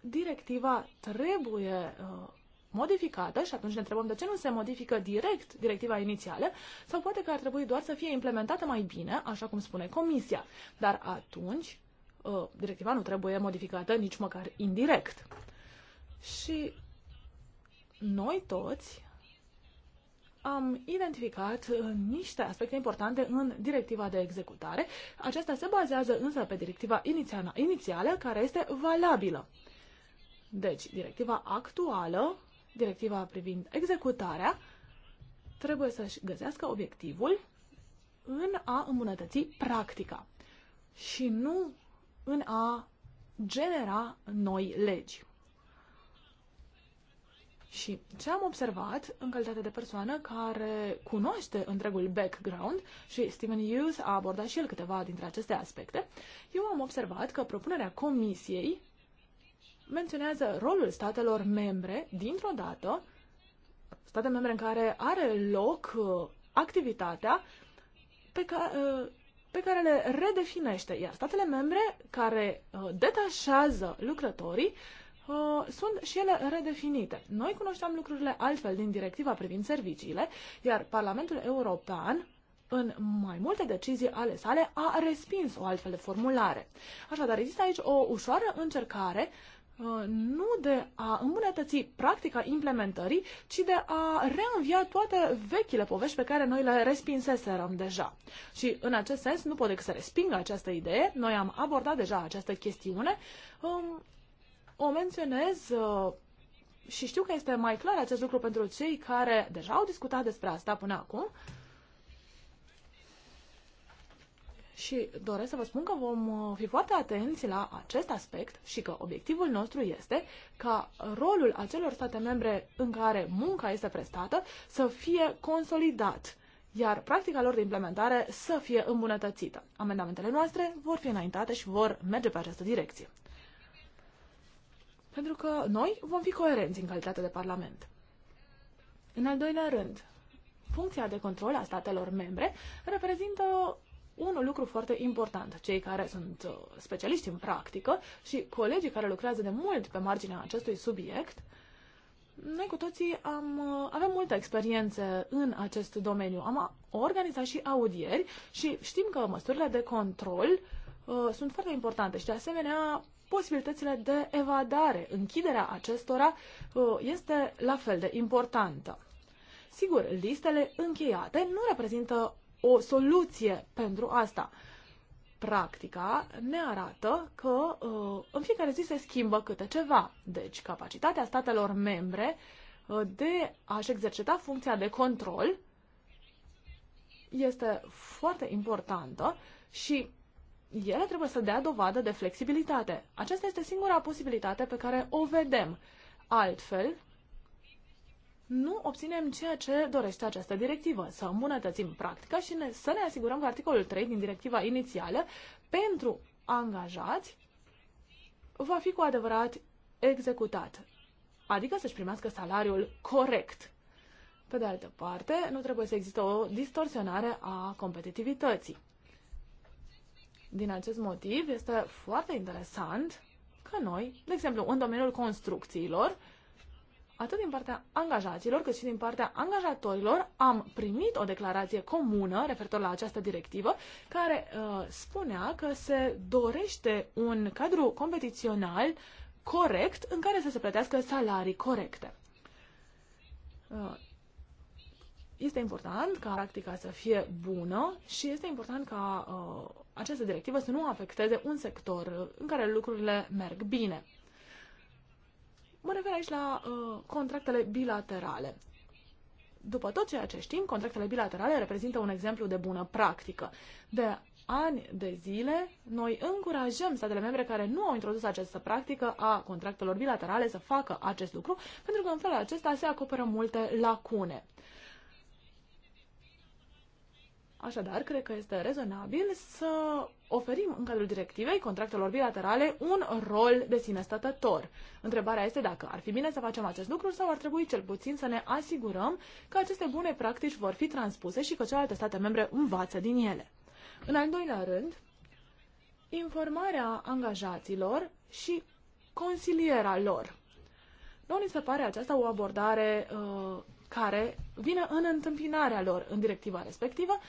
[SPEAKER 3] directiva trebuie uh, modificată și atunci ne întrebăm de ce nu se modifică direct directiva inițială sau poate că ar trebui doar să fie implementată mai bine, așa cum spune Comisia. Dar atunci ă, directiva nu trebuie modificată nici măcar indirect. Și noi toți am identificat ă, niște aspecte importante în directiva de executare. Aceasta se bazează însă pe directiva inițială, inițială care este valabilă. Deci, directiva actuală directiva privind executarea, trebuie să-și găsească obiectivul în a îmbunătăți practica și nu în a genera noi legi. Și ce am observat în calitate de persoană care cunoaște întregul background, și Stephen Hughes a abordat și el câteva dintre aceste aspecte, eu am observat că propunerea comisiei menționează rolul statelor membre dintr-o dată, state membre în care are loc uh, activitatea pe care, uh, pe care le redefinește. Iar statele membre care uh, detașează lucrătorii sunt și ele redefinite. Noi cunoșteam lucrurile altfel din directiva privind serviciile, iar Parlamentul European în mai multe decizii ale sale a respins o altfel de formulare. Așadar, există aici o ușoară încercare Uh, nu de a îmbunătăți practica implementării, ci de a reînvia toate vechile povești pe care noi le respinseserăm deja. Și în acest sens nu pot decât să resping această idee. Noi am abordat deja această chestiune. Um, o menționez uh, și știu că este mai clar acest lucru pentru cei care deja au discutat despre asta până acum, Și doresc să vă spun că vom uh, fi foarte atenți la acest aspect și că obiectivul nostru este ca rolul acelor state membre în care munca este prestată să fie consolidat, iar practica lor de implementare să fie îmbunătățită. Amendamentele noastre vor fi înaintate și vor merge pe această direcție. Pentru că noi vom fi coerenți în calitate de Parlament. În al doilea rând, funcția de control a statelor membre reprezintă un lucru foarte important. Cei care sunt uh, specialiști în practică și colegii care lucrează de mult pe marginea acestui subiect, noi cu toții am, uh, avem multă experiență în acest domeniu. Am organizat și audieri și știm că măsurile de control uh, sunt foarte importante și, de asemenea, posibilitățile de evadare, închiderea acestora uh, este la fel de importantă. Sigur, listele încheiate nu reprezintă o soluție pentru asta. Practica ne arată că uh, în fiecare zi se schimbă câte ceva. Deci, capacitatea statelor membre uh, de a-și exercita funcția de control este foarte importantă și ele trebuie să dea dovadă de flexibilitate. Aceasta este singura posibilitate pe care o vedem. Altfel, nu obținem ceea ce dorește această directivă, să îmbunătățim practica și ne, să ne asigurăm că articolul 3 din directiva inițială pentru angajați va fi cu adevărat executat, adică să-și primească salariul corect. Pe de altă parte, nu trebuie să există o distorsionare a competitivității. Din acest motiv, este foarte interesant că noi, de exemplu, în domeniul construcțiilor, atât din partea angajaților, cât și din partea angajatorilor, am primit o declarație comună referitor la această directivă, care uh, spunea că se dorește un cadru competițional corect în care să se plătească salarii corecte. Uh, este important ca practica să fie bună și este important ca uh, această directivă să nu afecteze un sector în care lucrurile merg bine. Mă refer aici la uh, contractele bilaterale. După tot ceea ce știm, contractele bilaterale reprezintă un exemplu de bună practică. De ani de zile, noi încurajăm statele membre care nu au introdus această practică a contractelor bilaterale să facă acest lucru, pentru că în felul acesta se acoperă multe lacune. Așadar, cred că este rezonabil să oferim în cadrul directivei contractelor bilaterale un rol de sine stătător. Întrebarea este dacă ar fi bine să facem acest lucru sau ar trebui cel puțin să ne asigurăm că aceste bune practici vor fi transpuse și că celelalte state membre învață din ele. În al doilea rând, informarea angajaților și consilierea lor. Nu ni se pare aceasta o abordare uh, care vine în întâmpinarea lor în directiva respectivă,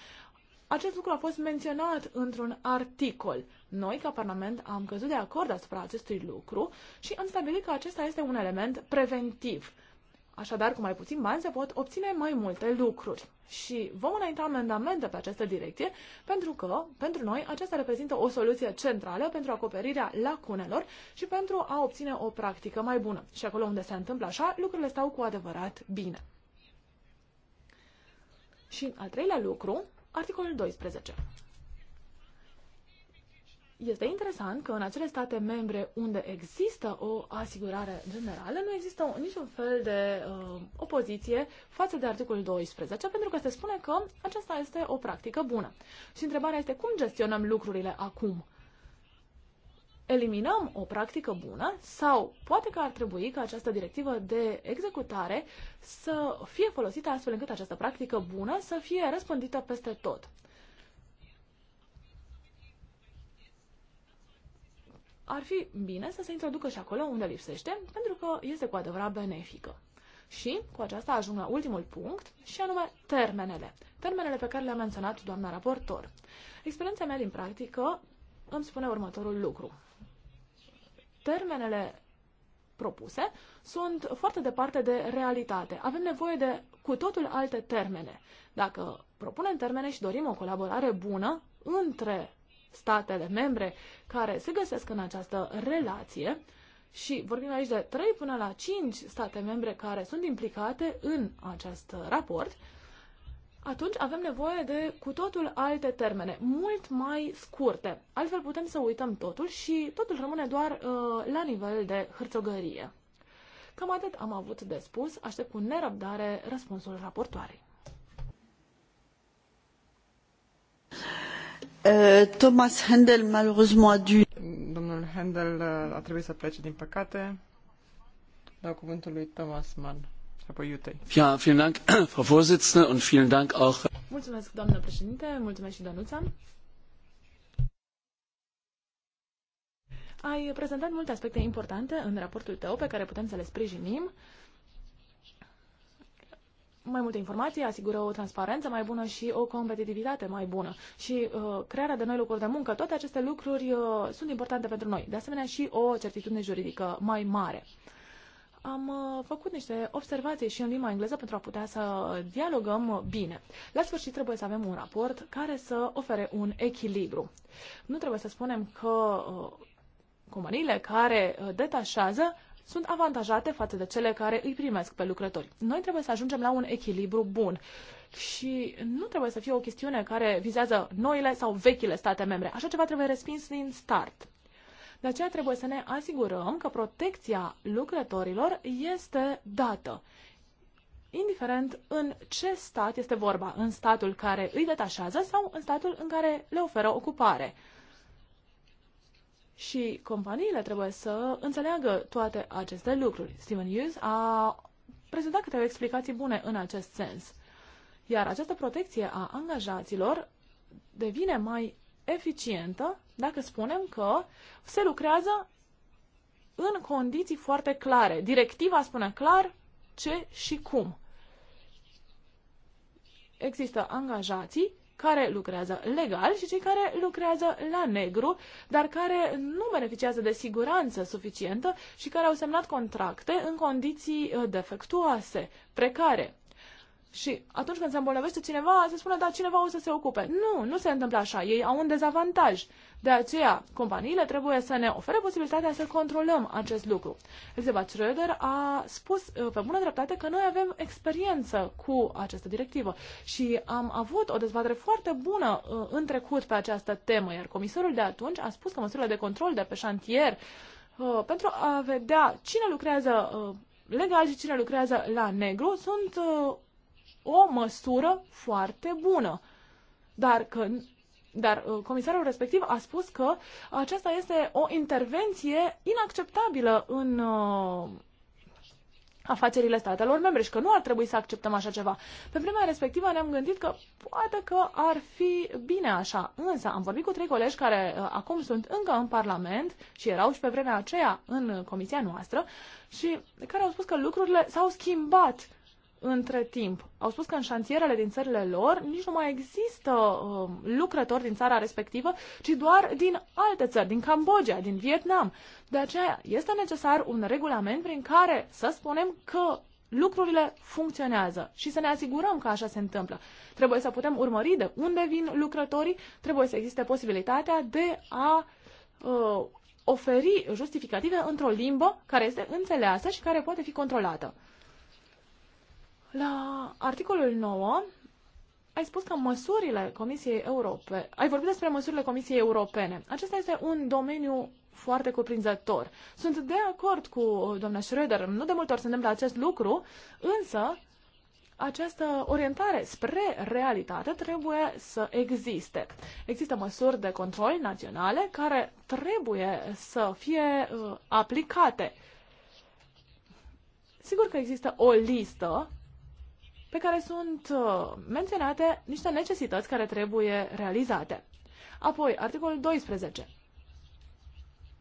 [SPEAKER 3] acest lucru a fost menționat într-un articol. Noi, ca Parlament, am căzut de acord asupra acestui lucru și am stabilit că acesta este un element preventiv. Așadar, cu mai puțin bani se pot obține mai multe lucruri. Și vom înainta amendamente pe această direcție, pentru că, pentru noi, aceasta reprezintă o soluție centrală pentru acoperirea lacunelor și pentru a obține o practică mai bună. Și acolo unde se întâmplă așa, lucrurile stau cu adevărat bine. Și al treilea lucru Articolul 12. Este interesant că în acele state membre unde există o asigurare generală, nu există niciun fel de uh, opoziție față de articolul 12, pentru că se spune că aceasta este o practică bună. Și întrebarea este cum gestionăm lucrurile acum? Uh, eliminăm o practică bună sau poate că ar trebui ca această directivă de executare să fie folosită astfel încât această practică bună să fie răspândită peste tot. Ar fi bine să se introducă și acolo unde lipsește, pentru că este cu adevărat benefică. Și, cu aceasta ajung la ultimul punct, și anume termenele. Termenele pe care le-a menționat doamna raportor. Experiența mea din practică îmi spune următorul lucru termenele propuse sunt foarte departe de realitate. Avem nevoie de cu totul alte termene. Dacă propunem termene și dorim o colaborare bună între statele membre care se găsesc în această relație, și vorbim aici de 3 până la 5 state membre care sunt implicate în acest raport, atunci avem nevoie de cu totul alte termene, mult mai scurte. Altfel putem să uităm totul și totul rămâne doar uh, la nivel de hârțogărie. Cam atât am avut de spus, aștept cu nerăbdare răspunsul raportoarei.
[SPEAKER 1] Uh, Thomas Handel, malheureusement,
[SPEAKER 4] a dû... Domnul Handel uh, a trebuit să plece, din păcate. Dau cuvântul lui Thomas Mann. (clears throat)
[SPEAKER 1] Äh,
[SPEAKER 3] mulțumesc, doamnă președinte, mulțumesc și Danuța. Ai prezentat multe aspecte importante în raportul tău pe care putem să le sprijinim. Mai multe informații asigură o transparență mai bună și o competitivitate mai bună. Și uh, crearea de noi locuri de muncă, toate aceste lucruri uh, sunt importante pentru noi. De asemenea și o certitudine juridică mai mare. Uh, am uh, făcut niște observații și în limba engleză pentru a putea să dialogăm bine. La sfârșit trebuie să avem un raport care să ofere un echilibru. Nu trebuie să spunem că uh, companiile care uh, detașează sunt avantajate față de cele care îi primesc pe lucrători. Noi trebuie să ajungem la un echilibru bun și nu trebuie să fie o chestiune care vizează noile sau vechile state membre. Așa ceva trebuie respins din start. De aceea trebuie să ne asigurăm că protecția lucrătorilor este dată. Indiferent în ce stat este vorba, în statul care îi detașează sau în statul în care le oferă ocupare. Și companiile trebuie să înțeleagă toate aceste lucruri. Steven Hughes a prezentat câteva explicații bune în acest sens. Iar această protecție a angajaților devine mai eficientă dacă spunem că se lucrează în condiții foarte clare. Directiva spune clar ce și cum. Există angajații care lucrează legal și cei care lucrează la negru, dar care nu beneficiază de siguranță suficientă și care au semnat contracte în condiții uh, defectuoase, precare. Și atunci când se îmbolnăvește cineva, se spune, da, cineva o să se ocupe. Nu, nu se întâmplă așa. Ei au un dezavantaj. De aceea, companiile trebuie să ne ofere posibilitatea să controlăm acest lucru. Elizabeth Schroeder a spus uh, pe bună dreptate că noi avem experiență cu această directivă și am avut o dezbatere foarte bună uh, în trecut pe această temă, iar comisarul de atunci a spus că măsurile de control de pe șantier uh, pentru a vedea cine lucrează legal și cine lucrează la negru sunt o măsură foarte bună. Dar, că, dar uh, comisarul respectiv a spus că aceasta este o intervenție inacceptabilă în uh, afacerile statelor membre și că nu ar trebui să acceptăm așa ceva. Pe vremea respectivă ne-am gândit că poate că ar fi bine așa, însă am vorbit cu trei colegi care uh, acum sunt încă în Parlament și erau și pe vremea aceea în uh, comisia noastră și care au spus că lucrurile s-au schimbat între timp. Au spus că în șantierele din țările lor nici nu mai există uh, lucrători din țara respectivă, ci doar din alte țări, din Cambodgia, din Vietnam. De aceea este necesar un regulament prin care să spunem că lucrurile funcționează și să ne asigurăm că așa se întâmplă. Trebuie să putem urmări de unde vin lucrătorii, trebuie să existe posibilitatea de a uh, oferi justificative într-o limbă care este înțeleasă și care poate fi controlată. La articolul 9 ai spus că măsurile Comisiei Europene, ai vorbit despre măsurile Comisiei Europene. Acesta este un domeniu foarte cuprinzător. Sunt de acord cu doamna Schröder, nu de multe ori se întâmplă acest lucru, însă această orientare spre realitate trebuie să existe. Există măsuri de control naționale care trebuie să fie uh, aplicate. Sigur că există o listă pe care sunt uh, menționate niște necesități care trebuie realizate. Apoi, articolul 12.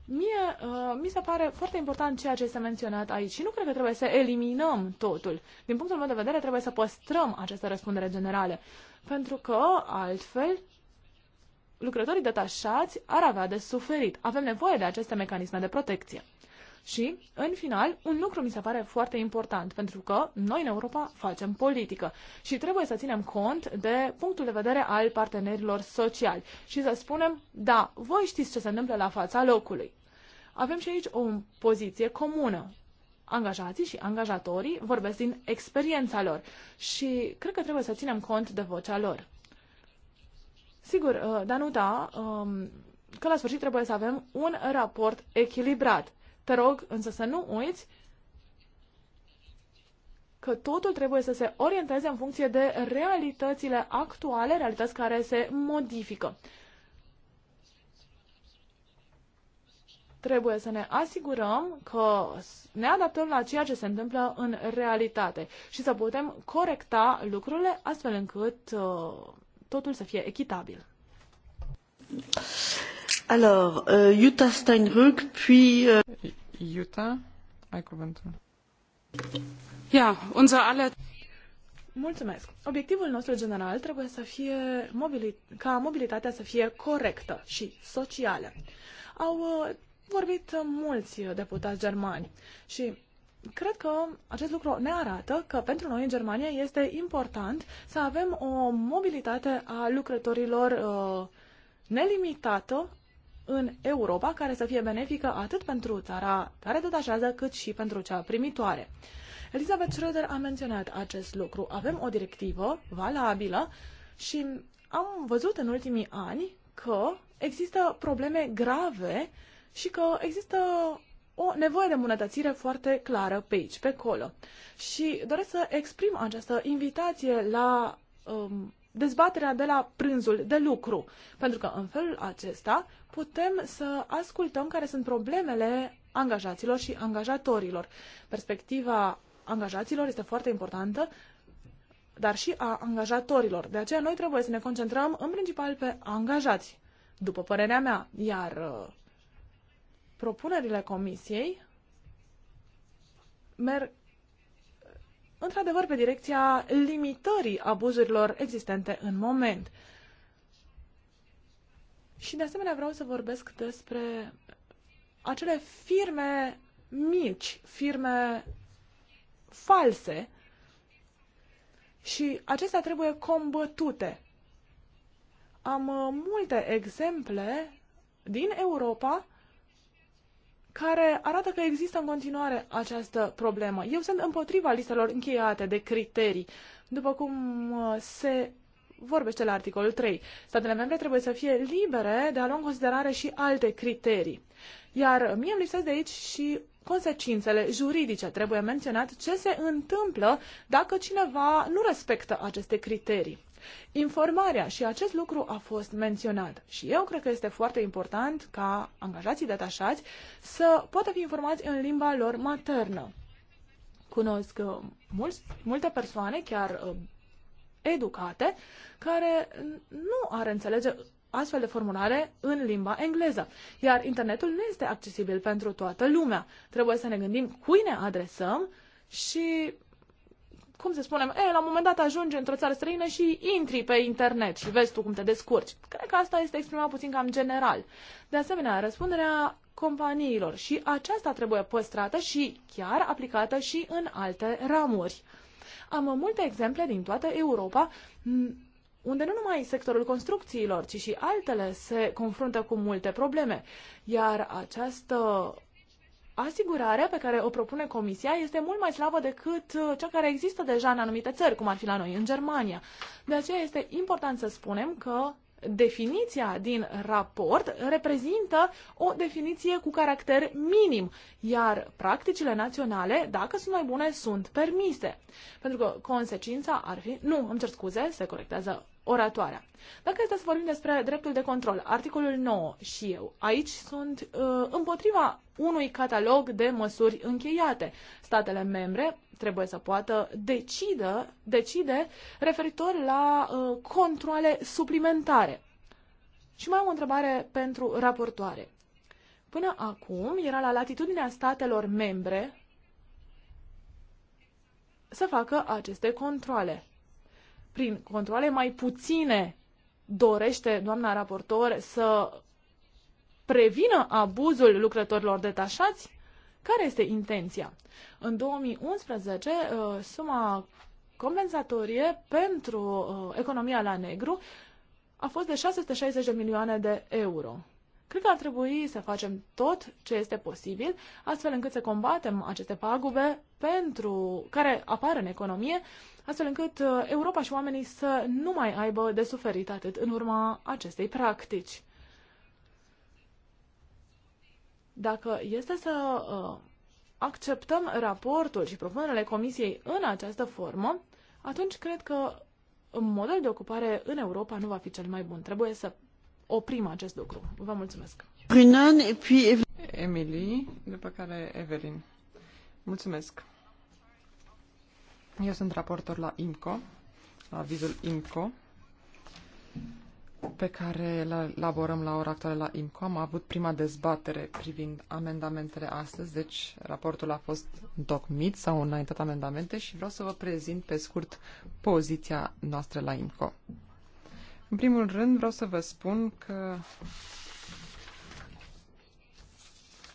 [SPEAKER 3] Mie uh, mi se pare foarte important ceea ce este menționat aici și nu cred că trebuie să eliminăm totul. Din punctul meu de vedere, trebuie să păstrăm această răspundere generală, pentru că altfel lucrătorii detașați ar avea de suferit. Avem nevoie de aceste mecanisme de protecție. Și, în final, un lucru mi se pare foarte important, pentru că noi în Europa facem politică și trebuie să ținem cont de punctul de vedere al partenerilor sociali și să spunem, da, voi știți ce se întâmplă la fața locului. Avem și aici o poziție comună. Angajații și angajatorii vorbesc din experiența lor și cred că trebuie să ținem cont de vocea lor. Sigur, uh, Danuta, um, că la sfârșit trebuie să avem un raport echilibrat te rog însă să nu uiți că totul trebuie să se orienteze în funcție de realitățile actuale, realități care se modifică. Trebuie să ne asigurăm că ne adaptăm la ceea ce se întâmplă în realitate și să putem corecta lucrurile astfel încât uh, totul să fie echitabil.
[SPEAKER 1] Euh, Jutta Steinruck, puis... Euh, Jutta, ai cuvântul.
[SPEAKER 4] Ja, unser alle...
[SPEAKER 3] Mulțumesc. Obiectivul nostru general trebuie să fie mobili... ca mobilitatea să fie corectă și socială. Au uh, vorbit mulți deputați germani și cred că acest lucru ne arată că pentru noi în Germania este important să avem o mobilitate a lucrătorilor uh, nelimitată în Europa care să fie benefică atât pentru țara care detașează cât și pentru cea primitoare. Elizabeth Schroeder a menționat acest lucru. Avem o directivă valabilă și am văzut în ultimii ani că există probleme grave și că există o nevoie de îmbunătățire foarte clară pe aici, pe acolo. Și doresc să exprim această invitație la um, dezbaterea de la prânzul de lucru, pentru că în felul acesta putem să ascultăm care sunt problemele angajaților și angajatorilor. Perspectiva angajaților este foarte importantă, dar și a angajatorilor. De aceea noi trebuie să ne concentrăm în principal pe angajați, după părerea mea, iar uh, propunerile comisiei merg într-adevăr pe direcția limitării abuzurilor existente în moment. Și de asemenea vreau să vorbesc despre acele firme mici, firme false și acestea trebuie combătute. Am uh, multe exemple din Europa care arată că există în continuare această problemă. Eu sunt împotriva listelor încheiate de criterii, după cum uh, se vorbește la articolul 3. Statele membre trebuie să fie libere de a lua în considerare și alte criterii. Iar mie îmi lipsesc de aici și consecințele juridice. Trebuie menționat ce se întâmplă dacă cineva nu respectă aceste criterii. Informarea și acest lucru a fost menționat și eu cred că este foarte important ca angajații detașați să poată fi informați în limba lor maternă. Cunosc uh, mulți, multe persoane, chiar uh, educate, care nu ar înțelege astfel de formulare în limba engleză. Iar internetul nu este accesibil pentru toată lumea. Trebuie să ne gândim cui ne adresăm și cum să spunem, e, eh, la un moment dat ajungi într-o țară străină și intri pe internet și vezi tu cum te descurci. Cred că asta este exprimat puțin cam general. De asemenea, răspunderea companiilor și aceasta trebuie păstrată și chiar aplicată și în alte ramuri. Am multe exemple din toată Europa unde nu numai sectorul construcțiilor, ci și altele se confruntă cu multe probleme, iar această asigurarea pe care o propune Comisia este mult mai slabă decât uh, cea care există deja în anumite țări, cum ar fi la noi, în Germania. De aceea este important să spunem că definiția din raport reprezintă o definiție cu caracter minim, iar practicile naționale, dacă sunt mai bune, sunt permise. Pentru că consecința ar fi... Nu, îmi cer scuze, se corectează oratoarea. Dacă este să vorbim despre dreptul de control, articolul 9 și eu, aici sunt uh, împotriva unui catalog de măsuri încheiate. Statele membre trebuie să poată decidă, decide referitor la uh, controle suplimentare. Și mai am o întrebare pentru raportoare. Până acum era la latitudinea statelor membre să facă aceste controle prin controle mai puține dorește doamna raportor să prevină abuzul lucrătorilor detașați? Care este intenția? În 2011, uh, suma compensatorie pentru uh, economia la negru a fost de 660 de milioane de euro. Cred că ar trebui să facem tot ce este posibil, astfel încât să combatem aceste pagube pentru care apar în economie, astfel încât uh, Europa și oamenii să nu mai aibă de suferit atât în urma acestei practici. Dacă este să uh, acceptăm raportul și propunerile Comisiei în această formă, atunci cred că modelul de ocupare în Europa nu va fi cel mai bun. Trebuie să oprim acest lucru. Vă mulțumesc.
[SPEAKER 1] Brunan,
[SPEAKER 4] et puis Emily, după care Evelyn. Mulțumesc. Eu sunt raportor la IMCO, la vizul IMCO, pe care îl elaborăm la ora actuală la IMCO. Am avut prima dezbatere privind amendamentele astăzi, deci raportul a fost docmit, sau înaintat amendamente și vreau să vă prezint pe scurt poziția noastră la IMCO. În primul rând vreau să vă spun că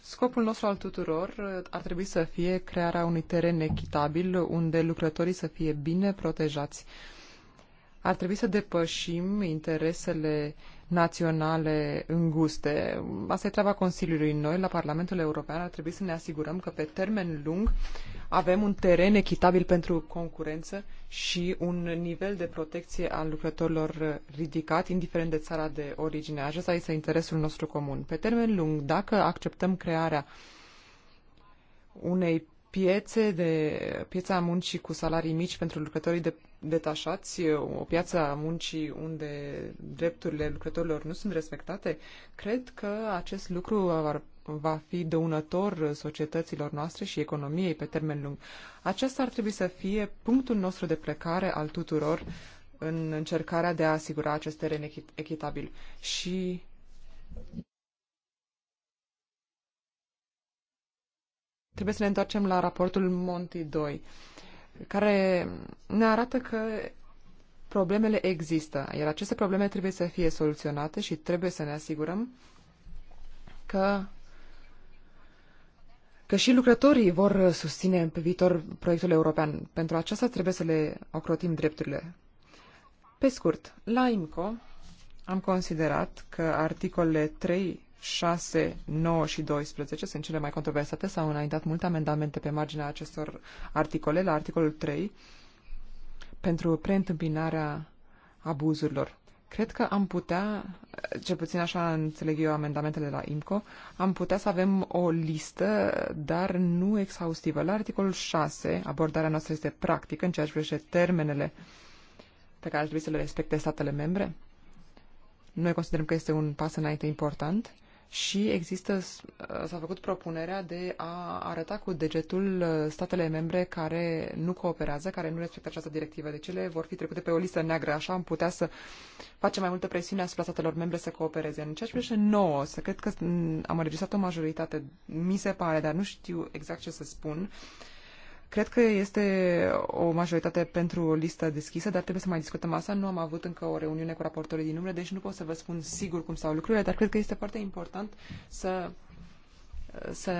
[SPEAKER 4] Scopul nostru al tuturor uh, ar trebui să fie crearea unui teren echitabil unde lucrătorii să fie bine protejați. Ar trebui să depășim interesele naționale înguste. Asta e treaba Consiliului. Noi, la Parlamentul European, ar trebui să ne asigurăm că pe termen lung avem un teren echitabil pentru concurență și un nivel de protecție al lucrătorilor ridicat, indiferent de țara de origine. Acesta este interesul nostru comun. Pe termen lung, dacă acceptăm crearea unei piețe de piața muncii cu salarii mici pentru lucrătorii de detașați, o piață a muncii unde drepturile lucrătorilor nu sunt respectate, cred că acest lucru ar va fi dăunător societăților noastre și economiei pe termen lung. Acesta ar trebui să fie punctul nostru de plecare al tuturor în încercarea de a asigura acest teren echitabil. Și trebuie să ne întoarcem la raportul Monti 2 care ne arată că problemele există, iar aceste probleme trebuie să fie soluționate și trebuie să ne asigurăm că că și lucrătorii vor susține pe viitor proiectul european. Pentru aceasta trebuie să le ocrotim drepturile. Pe scurt, la IMCO am considerat că articolele 3 6, 9 și 12 sunt cele mai controversate. S-au înaintat multe amendamente pe marginea acestor articole. La articolul 3, pentru preîntâmpinarea abuzurilor. Cred că am putea, cel puțin așa înțeleg eu amendamentele la IMCO, am putea să avem o listă, dar nu exhaustivă. La articolul 6, abordarea noastră este practică în ceea ce privește termenele pe care ar trebui să le respecte statele membre. Noi considerăm că este un pas înainte important și există, s-a făcut propunerea de a arăta cu degetul uh, statele membre care nu cooperează, care nu respectă această directivă. Deci ele vor fi trecute pe o listă neagră, așa am putea să facem mai multă presiune asupra statelor membre să coopereze. În ceea ce privește nouă, să cred că mm, am înregistrat o majoritate, mi se pare, dar nu știu exact ce să spun. Uh, Cred că este o majoritate pentru o listă deschisă, dar trebuie să mai discutăm asta. Nu am avut încă o reuniune cu raportorii din umbră, deci nu pot să vă spun sigur cum stau lucrurile, dar cred că este foarte important să să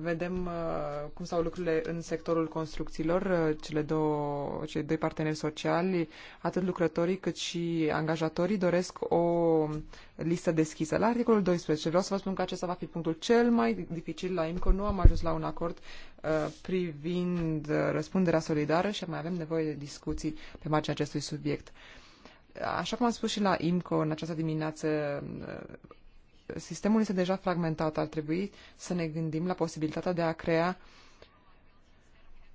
[SPEAKER 4] vedem uh, cum stau lucrurile în sectorul construcțiilor, uh, cele două, cei doi parteneri sociali, atât lucrătorii cât și angajatorii doresc o listă deschisă. La articolul 12 vreau să vă spun că acesta va fi punctul cel mai dificil la IMCO. Nu am ajuns la un acord uh, privind răspunderea solidară și mai avem nevoie de discuții pe marginea acestui subiect. Așa cum am spus și la IMCO în această dimineață, sistemul este deja fragmentat, ar trebui să ne gândim la posibilitatea de a crea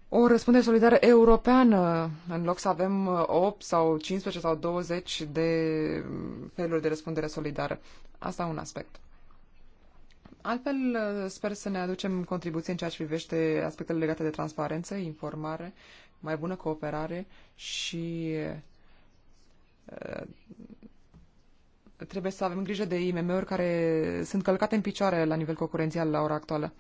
[SPEAKER 4] o răspundere solidară europeană, în loc să avem 8 uh, sau 15 sau 20 de feluri de răspundere solidară. Asta un aspect. Altfel, uh, sper să ne aducem contribuție în ceea ce privește aspectele legate de transparență, informare, mai bună cooperare și uh, trebuie să avem grijă de IMM-uri care sunt călcate în picioare la nivel concurențial la ora actuală.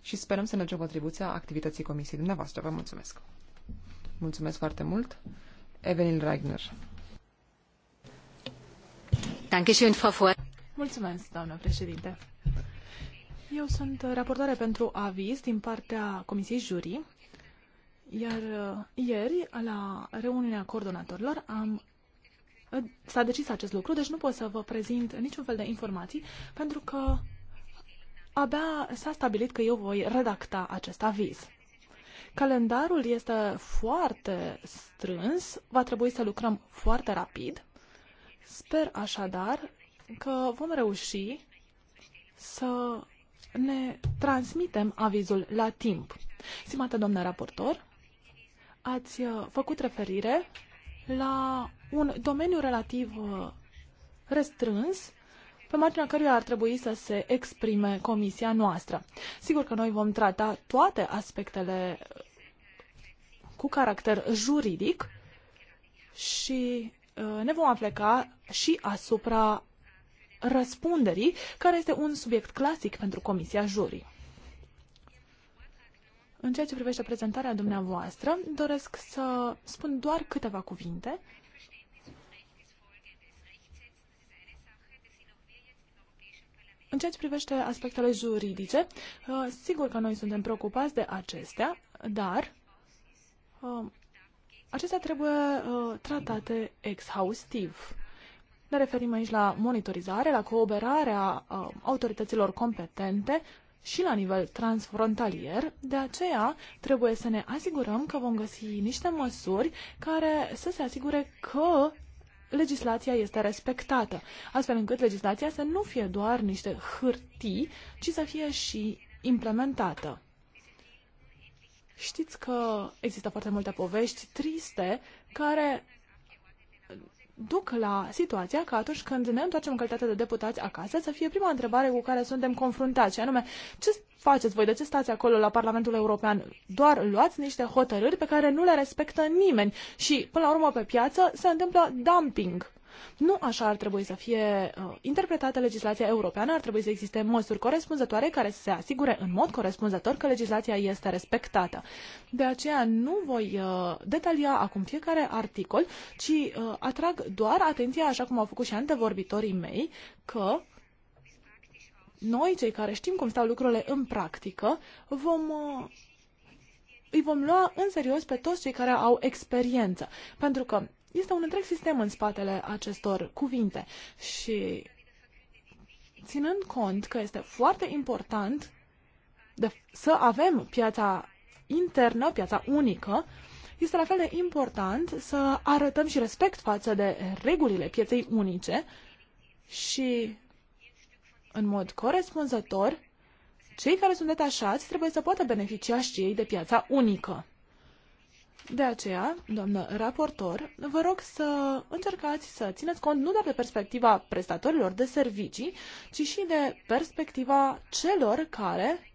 [SPEAKER 4] Și sperăm să ne ducem contribuția activității comisiei dumneavoastră. Vă mulțumesc! Mulțumesc foarte mult! Evelyn Reigner.
[SPEAKER 3] Mulțumesc, doamnă președinte. Eu sunt raportoare pentru aviz din partea Comisiei Jurii, iar uh, ieri, la reuniunea coordonatorilor, am s-a decis acest lucru, deci nu pot să vă prezint niciun fel de informații, pentru că abia s-a stabilit că eu voi redacta acest aviz. Calendarul este foarte strâns, va trebui să lucrăm foarte rapid. Sper așadar că vom reuși să ne transmitem avizul la timp. Stimată doamnă raportor, ați uh, făcut referire la un domeniu relativ uh, restrâns pe marginea căruia ar trebui să se exprime comisia noastră. Sigur că noi vom trata toate aspectele uh, cu caracter juridic și uh, ne vom apleca și asupra răspunderii, care este un subiect clasic pentru Comisia Jurii. În ceea ce privește prezentarea dumneavoastră, doresc să spun doar câteva cuvinte În ceea ce privește aspectele juridice, uh, sigur că noi suntem preocupați de acestea, dar uh, acestea trebuie uh, tratate exhaustiv. Ne referim aici la monitorizare, la cooperarea autorităților competente și la nivel transfrontalier, de aceea trebuie să ne asigurăm că vom găsi niște măsuri care să se asigure că legislația este respectată, astfel încât legislația să nu fie doar niște hârtii, ci să fie și implementată. Știți că există foarte multe povești triste care duc la situația că atunci când ne întoarcem în calitate de deputați acasă, să fie prima întrebare cu care suntem confruntați, și anume, ce faceți voi, de ce stați acolo la Parlamentul European? Doar luați niște hotărâri pe care nu le respectă nimeni și, până la urmă, pe piață se întâmplă dumping. Nu așa ar trebui să fie uh, interpretată legislația europeană, ar trebui să existe măsuri corespunzătoare care să se asigure în mod corespunzător că legislația este respectată. De aceea nu voi uh, detalia acum fiecare articol, ci uh, atrag doar atenția, așa cum au făcut și antevorbitorii mei, că noi, cei care știm cum stau lucrurile în practică, vom uh, îi vom lua în serios pe toți cei care au experiență. Pentru că este un întreg sistem în spatele acestor cuvinte și ținând cont că este foarte important de, să avem piața internă, piața unică, este la fel de important să arătăm și respect față de regulile pieței unice și, în mod corespunzător, cei care sunt detașați trebuie să poată beneficia și ei de piața unică. De aceea, doamnă raportor, vă rog să încercați să țineți cont nu doar de perspectiva prestatorilor de servicii, ci și de perspectiva celor care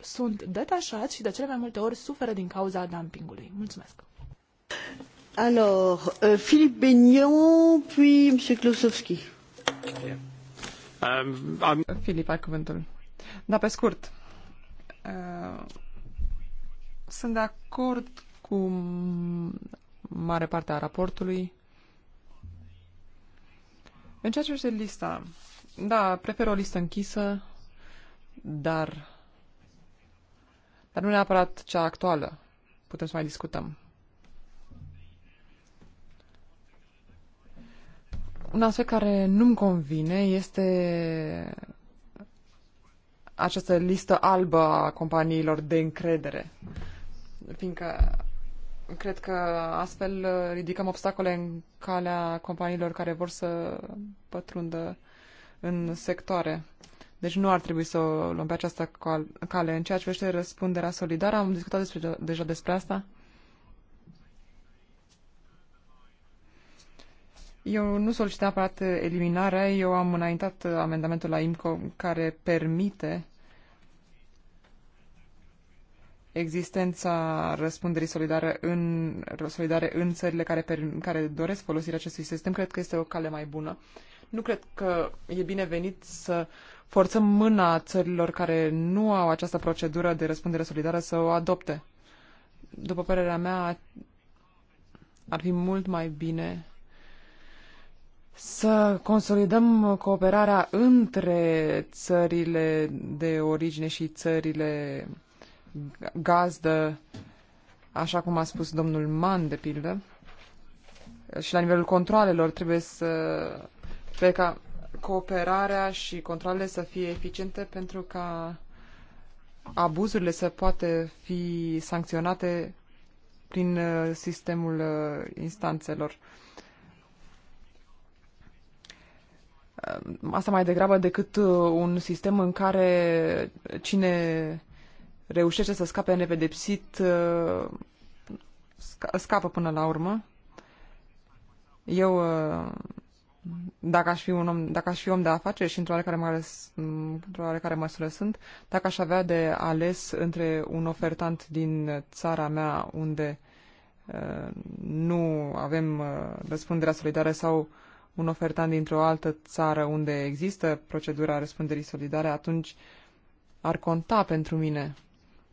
[SPEAKER 3] sunt detașați și de cele mai multe ori suferă din cauza dumpingului. Mulțumesc!
[SPEAKER 1] Alors, euh, Philippe Baignon, puis M. Klosowski.
[SPEAKER 4] Um, am... Filip, ai cuvântul. Da, pe scurt. Uh, sunt de acord cu mare parte a raportului. În ceea ce este lista, da, prefer o listă închisă, dar, dar nu neapărat cea actuală. Putem să mai discutăm. Un aspect care nu-mi convine este această listă albă a companiilor de încredere, fiindcă cred că astfel ridicăm obstacole în calea companiilor care vor să pătrundă în sectoare. Deci nu ar trebui să o luăm pe această cale. În ceea ce privește răspunderea solidară, am discutat despre, deja despre asta. Eu nu solicit neapărat eliminarea, eu am înaintat amendamentul la IMCO care permite existența răspunderii solidare în, solidare în țările care, per, care doresc folosirea acestui sistem, cred că este o cale mai bună. Nu cred că e binevenit să forțăm mâna țărilor care nu au această procedură de răspundere solidară să o adopte. După părerea mea, ar fi mult mai bine să consolidăm cooperarea între țările de origine și țările gazdă, așa cum a spus domnul Mann, de pildă, și la nivelul controlelor trebuie să pe ca cooperarea și controlele să fie eficiente pentru ca abuzurile să poate fi sancționate prin uh, sistemul uh, instanțelor Uh, asta mai degrabă decât uh, un sistem în care cine reușește să scape nepedepsit uh, scapă până la urmă. Eu, dacă aș fi un om, dacă aș fi om de afaceri și într-o oarecare, într-o oarecare măsură sunt, dacă aș avea de ales între un ofertant din țara mea unde nu avem răspunderea solidară sau uh, un ofertant dintr-o altă țară unde există procedura răspunderii solidare, atunci ar conta pentru mine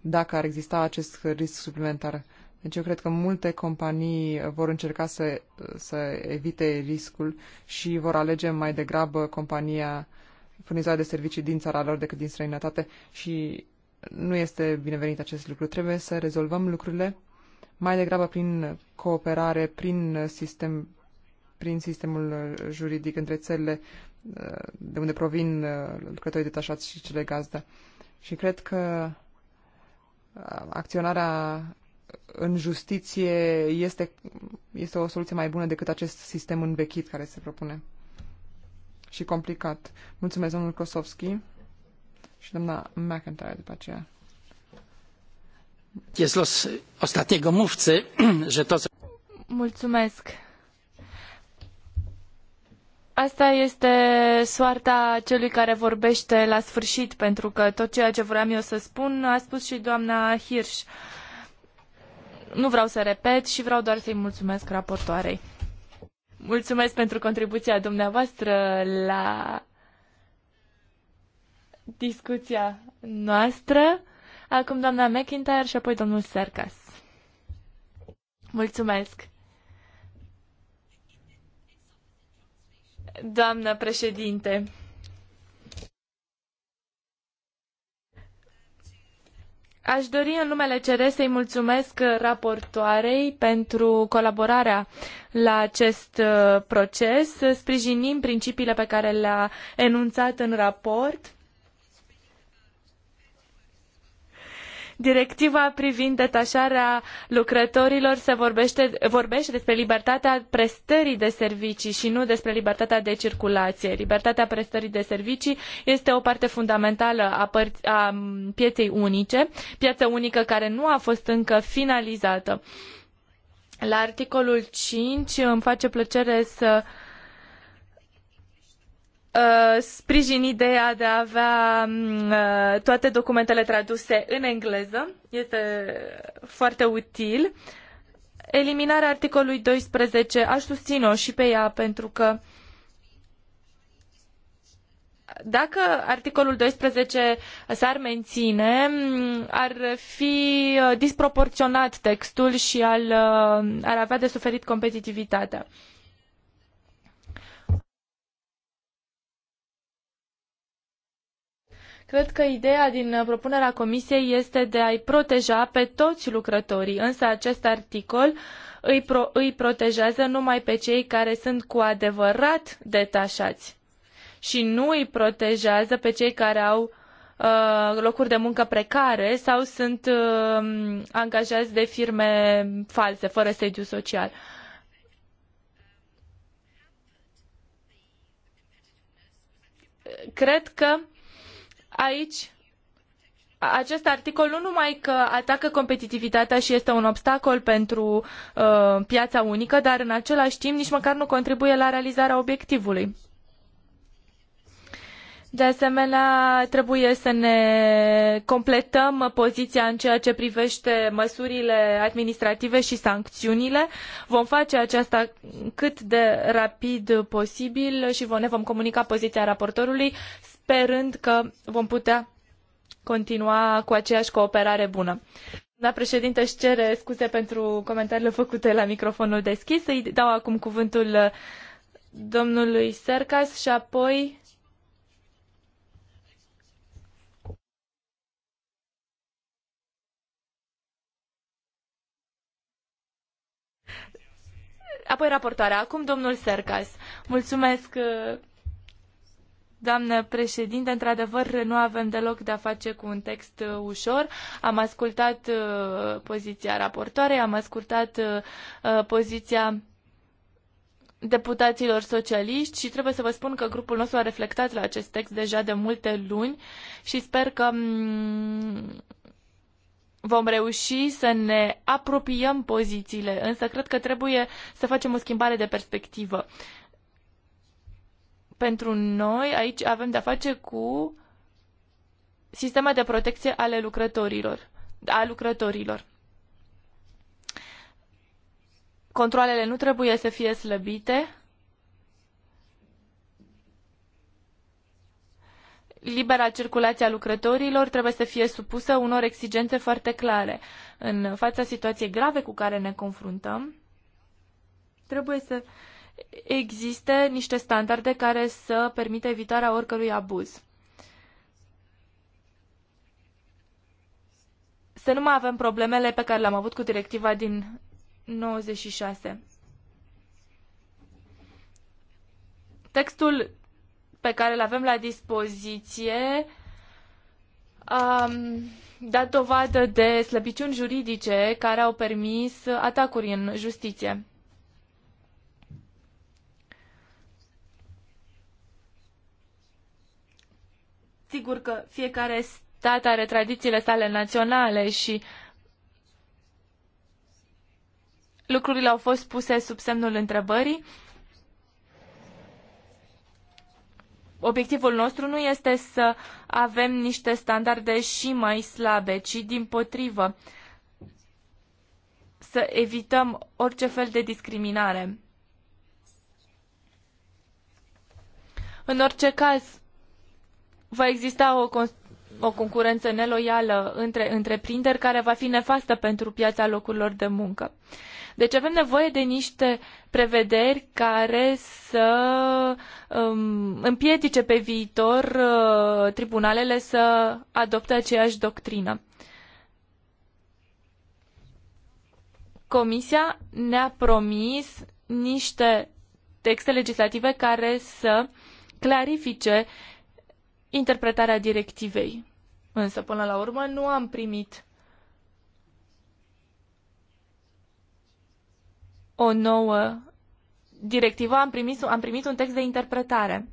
[SPEAKER 4] dacă ar exista acest risc suplimentar. Deci eu cred că multe companii vor încerca să, să evite riscul și vor alege mai degrabă compania furnizoare de servicii din țara lor decât din străinătate și nu este binevenit acest lucru. Trebuie să rezolvăm lucrurile mai degrabă prin cooperare, prin sistem, prin sistemul uh, juridic între țările uh, de unde provin uh, lucrătorii detașați și cele gazdă. Și cred că acționarea în justiție este, este o soluție mai bună decât acest sistem învechit care se propune și complicat. Mulțumesc, domnul Kosovski și doamna McIntyre după aceea.
[SPEAKER 1] los (clears throat)
[SPEAKER 2] Mulțumesc. Asta este soarta celui care vorbește la sfârșit, pentru că tot ceea ce vreau eu să spun a spus și doamna Hirsch. Nu vreau să repet și vreau doar să-i mulțumesc raportoarei. Mulțumesc pentru contribuția dumneavoastră la discuția noastră. Acum doamna McIntyre și apoi domnul Sercas. Mulțumesc! doamnă președinte. Aș dori în numele CR să-i mulțumesc raportoarei pentru colaborarea la acest uh, proces. Sprijinim principiile pe care le-a enunțat în raport Directiva privind detașarea lucrătorilor se vorbește, vorbește despre libertatea prestării de servicii și nu despre libertatea de circulație. Libertatea prestării de servicii este o parte fundamentală a, păr- a pieței unice, piață unică care nu a fost încă finalizată. La articolul 5 îmi face plăcere să uh, Uh, sprijin ideea de a avea mm, uh, toate documentele traduse în engleză. Este foarte util. Eliminarea articolului 12 aș susține-o și pe ea pentru că dacă articolul 12 s-ar menține, mm, ar fi uh, disproporționat textul și ar avea de suferit competitivitatea. Cred că ideea din uh, propunerea Comisiei este de a-i proteja pe toți lucrătorii, însă acest articol îi, pro, îi protejează numai pe cei care sunt cu adevărat detașați și nu îi protejează pe cei care au uh, locuri de muncă precare sau sunt uh, angajați de firme false, fără sediu social. Cred că aici acest articol nu numai că atacă competitivitatea și este un obstacol pentru uh, piața unică, dar în același timp nici măcar nu contribuie la realizarea obiectivului. De asemenea, trebuie să ne completăm poziția în ceea ce privește măsurile administrative și sancțiunile. Vom face aceasta cât de rapid posibil și ne vom comunica poziția raportorului sperând că vom putea continua cu aceeași cooperare bună. Doamna președinte își cere scuze pentru comentariile făcute la microfonul deschis. Îi dau acum cuvântul uh, domnului Sercas și apoi apoi raportoarea. Acum domnul Sercas. Mulțumesc, uh, Doamnă președinte, într-adevăr nu avem deloc de a face cu un text uh, ușor. Am ascultat uh, poziția raportoarei, am ascultat uh, poziția deputaților socialiști și trebuie să vă spun că grupul nostru a reflectat la acest text deja de multe luni și sper că mm, vom reuși să ne apropiem pozițiile, însă cred că trebuie să facem o schimbare de perspectivă. Uh, pentru noi aici avem de-a face cu sisteme de protecție ale lucrătorilor. A lucrătorilor. Controlele nu trebuie să fie slăbite. Libera circulație a lucrătorilor trebuie să fie supusă unor exigențe foarte clare. În fața situației grave cu care ne confruntăm, trebuie să existe niște standarde care să permită evitarea oricărui abuz. Să nu mai avem problemele pe care le-am avut cu directiva din 96. Textul pe care îl avem la dispoziție a dat dovadă de slăbiciuni juridice care au permis atacuri în justiție. Sigur că fiecare stat are tradițiile sale naționale și lucrurile au fost puse sub semnul întrebării. Obiectivul nostru nu este să avem niște standarde și mai slabe, ci din potrivă să evităm orice fel de discriminare. În orice caz, va exista o, o concurență neloială între întreprinderi care va fi nefastă pentru piața locurilor de muncă. Deci avem nevoie de niște prevederi care să um, împiedice pe viitor uh, tribunalele să adopte aceeași doctrină. Comisia ne-a promis niște texte legislative care să clarifice interpretarea directivei. Însă, până la urmă, nu am primit o nouă directivă, am primit, am primit un text de interpretare.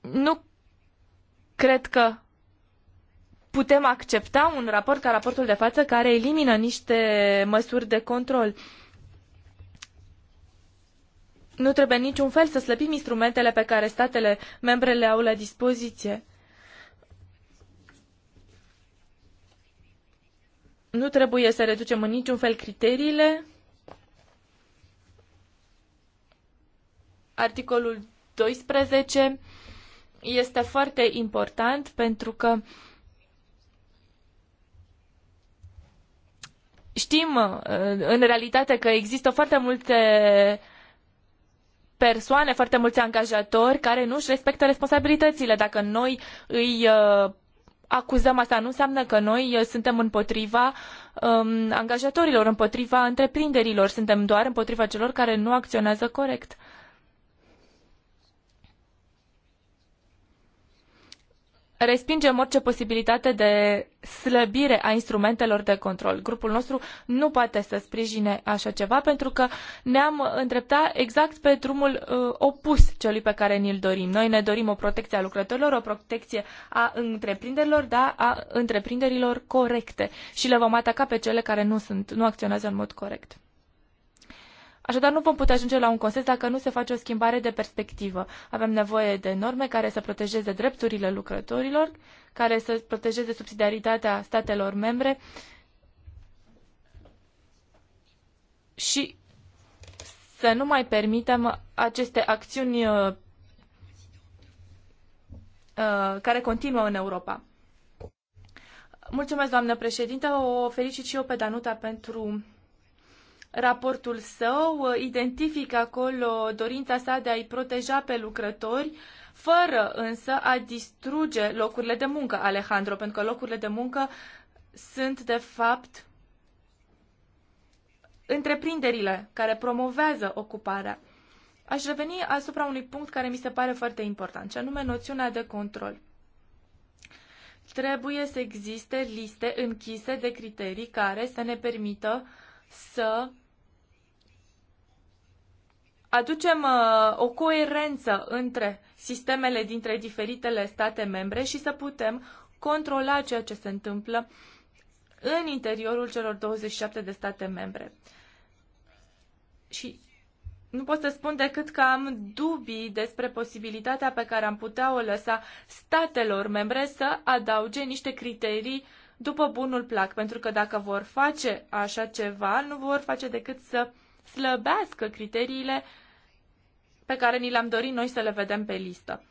[SPEAKER 2] Nu cred că putem accepta un raport ca raportul de față care elimină niște măsuri de control. Uh, nu trebuie niciun fel să slăbim instrumentele pe care statele membre le au la dispoziție. Nu trebuie să reducem în niciun fel criteriile. Articolul 12 este foarte important pentru că știm uh, în realitate că există foarte multe persoane, foarte mulți angajatori care nu își respectă responsabilitățile. Dacă noi îi uh, acuzăm asta, nu înseamnă că noi uh, suntem împotriva um, angajatorilor, împotriva întreprinderilor, suntem doar împotriva celor care nu acționează corect. respingem orice posibilitate de slăbire a instrumentelor de control. Grupul nostru nu poate să sprijine așa ceva pentru că ne-am îndreptat exact pe drumul uh, opus celui pe care ni-l dorim. Noi ne dorim o protecție a lucrătorilor, o protecție a întreprinderilor, dar a întreprinderilor corecte și le vom ataca pe cele care nu, sunt, nu acționează în mod corect. Așadar, nu vom putea ajunge la un consens dacă nu se face o schimbare de perspectivă. Avem nevoie de norme care să protejeze drepturile lucrătorilor, care să protejeze subsidiaritatea statelor membre și să nu mai permitem aceste acțiuni uh, uh, care continuă în Europa. Mulțumesc, doamnă președinte. O felicit și eu pe Danuta pentru raportul său uh, identifică acolo dorința sa de a-i proteja pe lucrători, fără însă a distruge locurile de muncă, Alejandro, pentru că locurile de muncă sunt, de fapt, întreprinderile care promovează ocuparea. Aș reveni asupra unui punct care mi se pare foarte important, și anume noțiunea de control. Trebuie să existe liste închise de criterii care să ne permită să aducem uh, o coerență între sistemele dintre diferitele state membre și să putem controla ceea ce se întâmplă în interiorul celor 27 de state membre. Și nu pot să spun decât că am dubii despre posibilitatea pe care am putea o lăsa statelor membre să adauge niște criterii după bunul plac, pentru că dacă vor face așa ceva, nu vor face decât să slăbească criteriile uh, pe care ni le-am dorit noi să le vedem pe listă.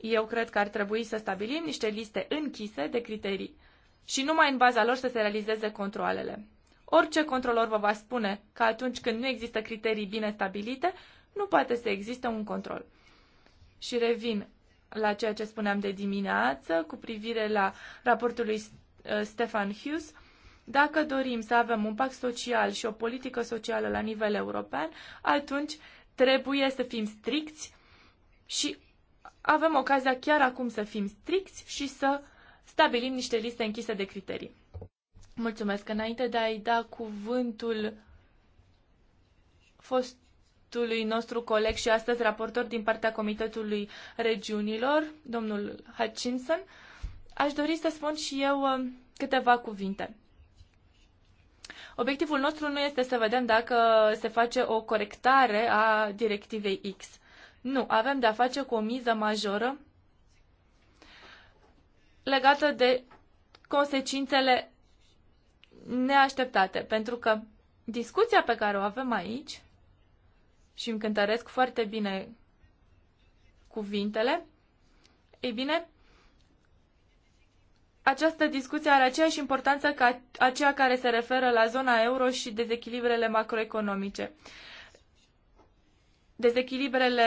[SPEAKER 2] Eu cred că ar trebui să stabilim niște liste închise de criterii și numai în baza lor să se realizeze controlele. Orice controlor vă va spune că atunci când nu există criterii bine stabilite, nu poate să existe un control. Și revin la ceea ce spuneam de dimineață cu privire la raportul lui uh, Stefan Hughes. Dacă dorim să avem un pact social și o politică socială la nivel european, atunci Trebuie să fim stricți și avem ocazia chiar acum să fim stricți și să stabilim niște liste închise de criterii. Mulțumesc. Înainte de a-i da cuvântul fostului nostru coleg și astăzi raportor din partea Comitetului Regiunilor, domnul Hutchinson, aș dori să spun și eu um, câteva cuvinte. Obiectivul nostru nu este să vedem dacă se face o corectare a directivei X. Nu, avem de-a face cu o miză majoră legată de consecințele neașteptate, pentru că discuția pe care o avem aici, și îmi cântăresc foarte bine cuvintele, ei bine, această discuție are aceeași importanță ca aceea care se referă la zona euro și dezechilibrele macroeconomice. Dezechilibrele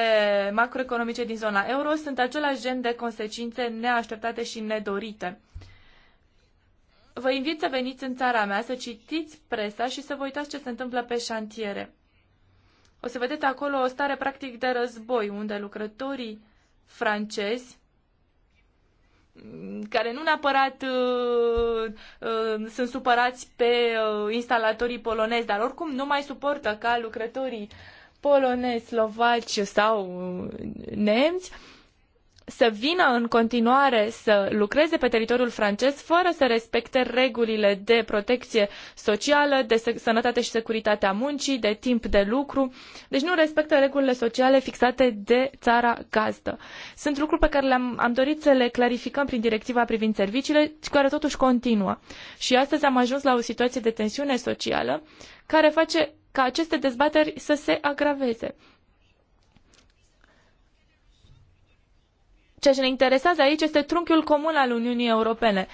[SPEAKER 2] macroeconomice din zona euro sunt același gen de consecințe neașteptate și nedorite. Vă invit să veniți în țara mea, să citiți presa și să vă uitați ce se întâmplă pe șantiere. O să vedeți acolo o stare practic de război, unde lucrătorii francezi care nu neapărat uh, uh, sunt supărați pe uh, instalatorii polonezi, dar oricum nu mai suportă ca lucrătorii polonezi, slovaci sau uh, nemți uh, să vină în continuare să lucreze pe teritoriul francez fără să respecte regulile de protecție socială, de sănătate și securitatea muncii, de timp de lucru. Deci nu respectă regulile sociale fixate de țara gazdă. Sunt lucruri pe care le-am am dorit să le clarificăm prin directiva privind serviciile, care totuși continuă. Și astăzi am ajuns la o situație de tensiune socială care face ca aceste dezbateri să se agraveze. Ceea ce ne interesează aici este trunchiul comun al Uniunii Europene.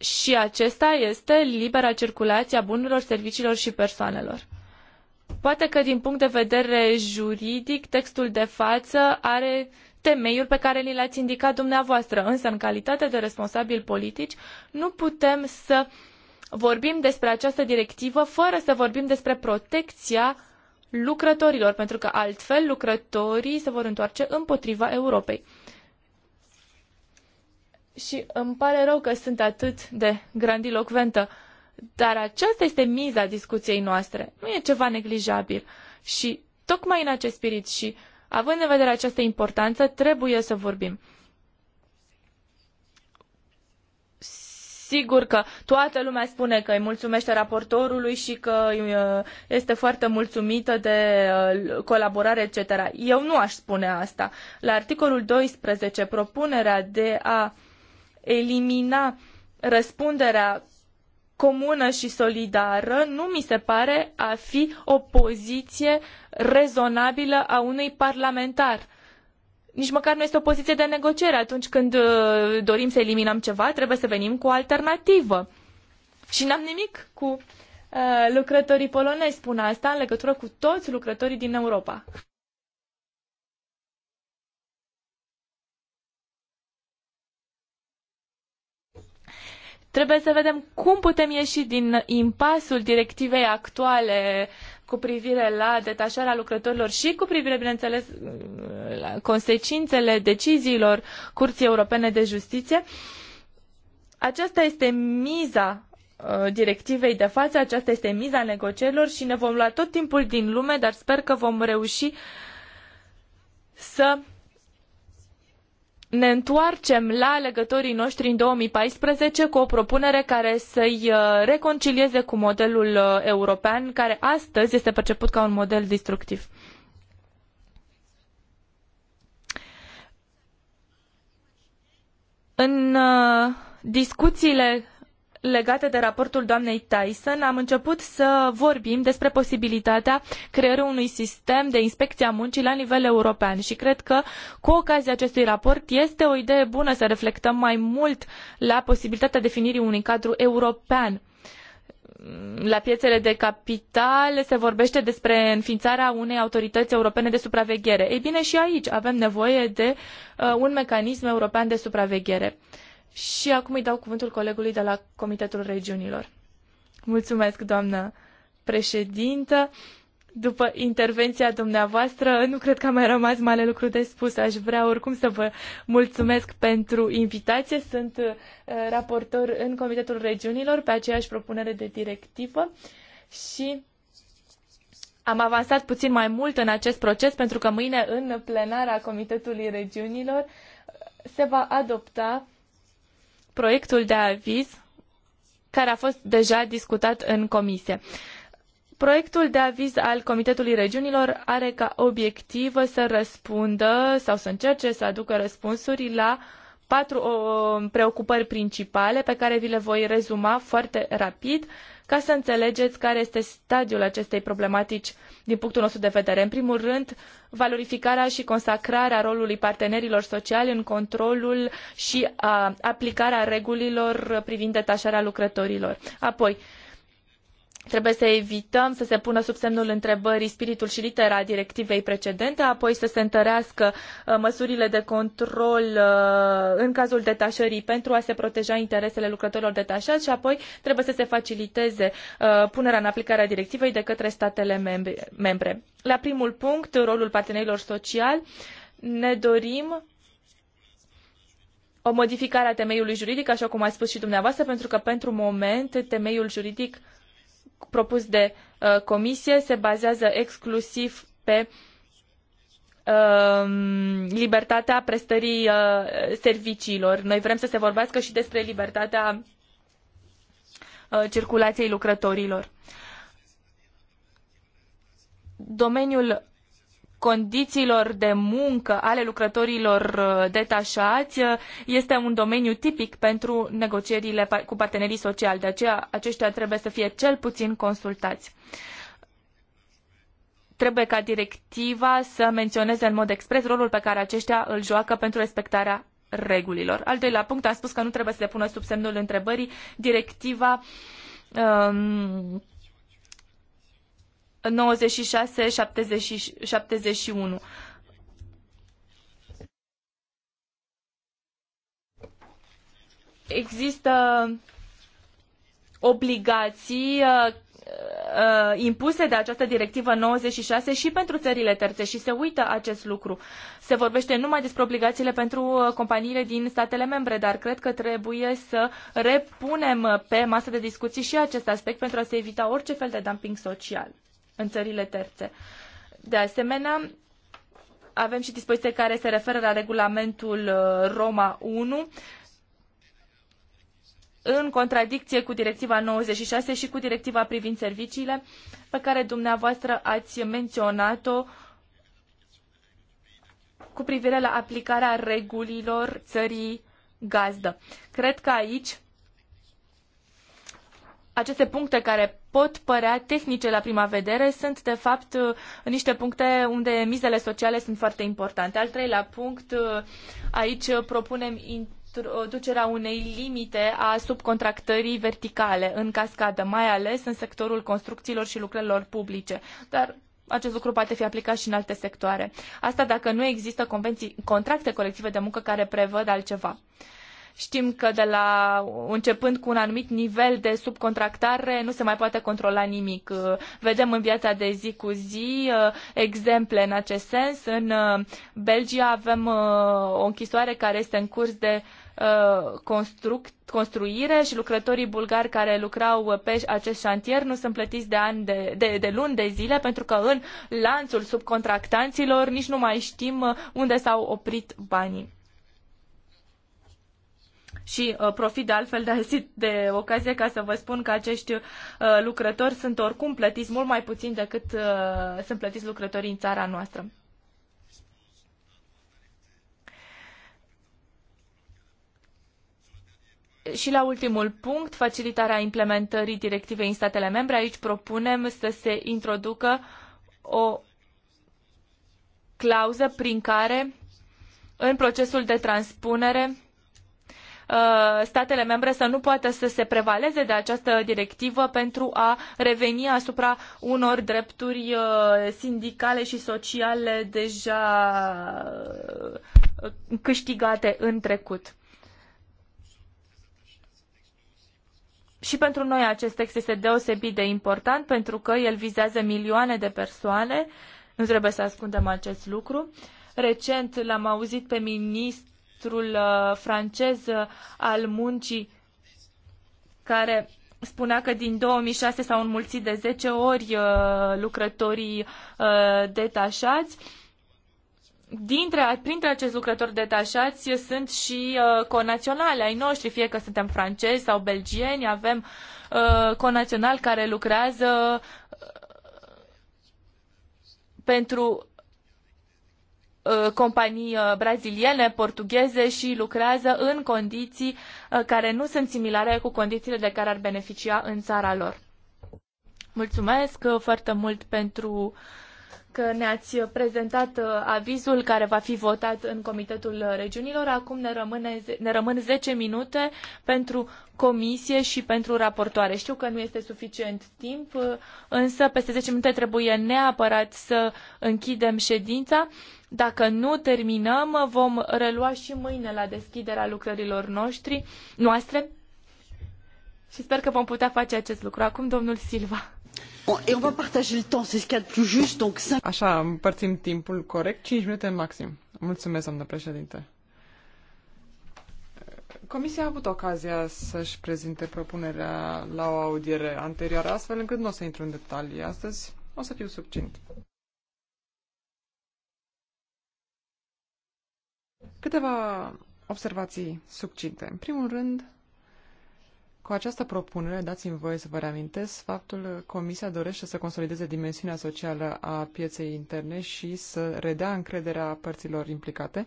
[SPEAKER 2] Și acesta este libera circulație a bunurilor, serviciilor și persoanelor. Poate că din punct de vedere juridic, textul de față are temeiul pe care ni l-ați indicat dumneavoastră, însă în calitate de responsabili politici nu putem să vorbim despre această directivă fără să vorbim despre protecția lucrătorilor, pentru că altfel lucrătorii se vor întoarce împotriva Europei și îmi pare rău că sunt atât de grandilocventă, dar aceasta este miza discuției noastre. Nu e ceva neglijabil. Și tocmai în acest spirit și având în vedere această importanță, trebuie să vorbim. sigur că toată lumea spune că îi mulțumește raportorului și că uh, este foarte mulțumită de uh, colaborare, etc. Eu nu aș spune asta. La articolul 12, propunerea de a elimina răspunderea comună și solidară nu mi se pare a fi o poziție rezonabilă a unui parlamentar. Nici măcar nu este o poziție de negociere. Atunci când uh, dorim să eliminăm ceva, trebuie să venim cu o alternativă. Și n-am nimic cu uh, lucrătorii polonezi, spun asta, în legătură cu toți lucrătorii din Europa. Trebuie să vedem cum putem ieși din impasul directivei actuale cu privire la detașarea lucrătorilor și cu privire, bineînțeles, la consecințele deciziilor Curții Europene de Justiție. Aceasta este miza uh, directivei de față, aceasta este miza negocierilor și ne vom lua tot timpul din lume, dar sper că vom reuși să ne întoarcem la alegătorii noștri în 2014 cu o propunere care să-i uh, reconcilieze cu modelul uh, european, care astăzi este perceput ca un model destructiv. În uh, discuțiile legate de raportul doamnei Tyson, am început să vorbim despre posibilitatea creării unui sistem de inspecție a muncii la nivel european și cred că cu ocazia acestui raport este o idee bună să reflectăm mai mult la posibilitatea definirii unui cadru european la piețele de capital se vorbește despre înființarea unei autorități europene de supraveghere. Ei bine, și aici avem nevoie de uh, un mecanism european de supraveghere. Uh, și acum îi dau cuvântul colegului de la Comitetul Regiunilor. Mulțumesc, doamnă președintă. După intervenția dumneavoastră, nu cred că a mai rămas mare lucru de spus. Aș vrea oricum să vă mulțumesc pentru invitație. Sunt uh, raportor în Comitetul Regiunilor pe aceeași propunere de directivă și am avansat puțin mai mult în acest proces pentru că mâine în plenara Comitetului Regiunilor se va adopta proiectul de aviz care a fost deja discutat în comisie. Proiectul de aviz al Comitetului Regiunilor are ca obiectiv să răspundă sau să încerce să aducă răspunsuri la patru preocupări principale pe care vi le voi rezuma foarte rapid. Uh, ca să înțelegeți care este stadiul acestei problematici din punctul nostru de vedere. În primul rând, valorificarea și consacrarea rolului partenerilor sociali în controlul și a, aplicarea regulilor privind detașarea lucrătorilor. Apoi, Trebuie să evităm să se pună sub semnul întrebării spiritul și litera directivei precedente, apoi să se întărească uh, măsurile de control uh, în cazul detașării pentru a se proteja interesele lucrătorilor detașați și apoi trebuie să se faciliteze uh, punerea în aplicare a directivei de către statele membre. La primul punct, rolul partenerilor sociali, ne dorim o modificare a temeiului juridic, așa cum a spus și dumneavoastră, pentru că pentru moment temeiul juridic propus de uh, comisie se bazează exclusiv pe um, libertatea prestării uh, serviciilor. Noi vrem să se vorbească și despre libertatea uh, circulației lucrătorilor. Domeniul condițiilor de muncă ale lucrătorilor uh, detașați uh, este un domeniu tipic pentru negocierile cu partenerii sociali, de aceea aceștia trebuie să fie cel puțin consultați. Trebuie ca directiva să menționeze în mod expres rolul pe care aceștia îl joacă pentru respectarea regulilor. Al doilea punct, am spus că nu trebuie să se pună sub semnul întrebării directiva um, 96-71. Există obligații uh, uh, impuse de această directivă 96 și pentru țările terțe și se uită acest lucru. Se vorbește numai despre obligațiile pentru uh, companiile din statele membre, dar cred că trebuie să repunem pe masă de discuții și acest aspect pentru a se evita orice fel de dumping social în țările terțe. De asemenea, avem și dispoziții care se referă la regulamentul uh, Roma 1, în contradicție cu directiva 96 și cu directiva privind serviciile, pe care dumneavoastră ați menționat-o cu privire la aplicarea regulilor țării gazdă. Cred că aici aceste puncte care pot părea tehnice la prima vedere sunt, de fapt, niște puncte unde mizele sociale sunt foarte importante. Al treilea punct, aici propunem introducerea unei limite a subcontractării verticale în cascadă, mai ales în sectorul construcțiilor și lucrărilor publice. Dar acest lucru poate fi aplicat și în alte sectoare. Asta dacă nu există convenții, contracte colective de muncă care prevăd altceva. Uh, Știm că de la începând cu un anumit nivel de subcontractare nu se mai poate controla nimic. Uh, vedem în viața de zi cu zi uh, exemple în acest sens. În uh, Belgia avem o închisoare care este în curs de construire și lucrătorii bulgari care lucrau pe acest șantier nu sunt plătiți de, ani de, de, de luni de zile pentru că în lanțul subcontractanților nici nu mai știm unde s-au oprit banii. Și uh, profit de altfel de, de ocazie ca să vă spun că acești uh, lucrători sunt oricum plătiți mult mai puțin decât uh, sunt plătiți lucrătorii în țara noastră. Și la ultimul punct, facilitarea implementării directivei în statele membre. Aici propunem să se introducă o clauză prin care în procesul de transpunere Uh, statele membre să nu poată să se prevaleze de această directivă pentru a reveni asupra unor drepturi uh, sindicale și sociale deja uh, câștigate în trecut. Și pentru noi acest text este deosebit de important pentru că el vizează milioane de persoane. Nu trebuie să ascundem acest lucru. Recent l-am auzit pe ministru ministrul uh, francez uh, al muncii care spunea că din 2006 s-au înmulțit de 10 ori uh, lucrătorii detașați. Dintre, printre acești lucrători detașați sunt și uh, ai noștri, fie că suntem francezi sau belgieni, avem uh, conaționali care lucrează pentru Uh, companii uh, braziliene, portugheze și lucrează în condiții uh, care nu sunt similare cu condițiile de care ar beneficia în țara lor. Mulțumesc foarte mult pentru că ne-ați prezentat avizul care va fi votat în Comitetul Regiunilor. Acum ne, rămâne, ne rămân 10 minute pentru comisie și pentru raportoare. Știu că nu este suficient timp, însă peste 10 minute trebuie neapărat să închidem ședința. Dacă nu terminăm, vom relua și mâine la deschiderea lucrărilor noștri, noastre și sper că vom putea face acest lucru. Acum, domnul Silva.
[SPEAKER 4] Așa, împărțim timpul corect, 5 minute maxim. Mulțumesc, doamnă președinte. Comisia a avut ocazia să-și prezinte propunerea la o audiere anterioară, astfel încât nu o să intru în detalii astăzi. O să fiu subțint. Câteva observații succinte. În primul rând, cu această propunere, dați-mi voie să vă reamintesc faptul că Comisia dorește să consolideze dimensiunea socială a pieței interne și să redea încrederea părților implicate,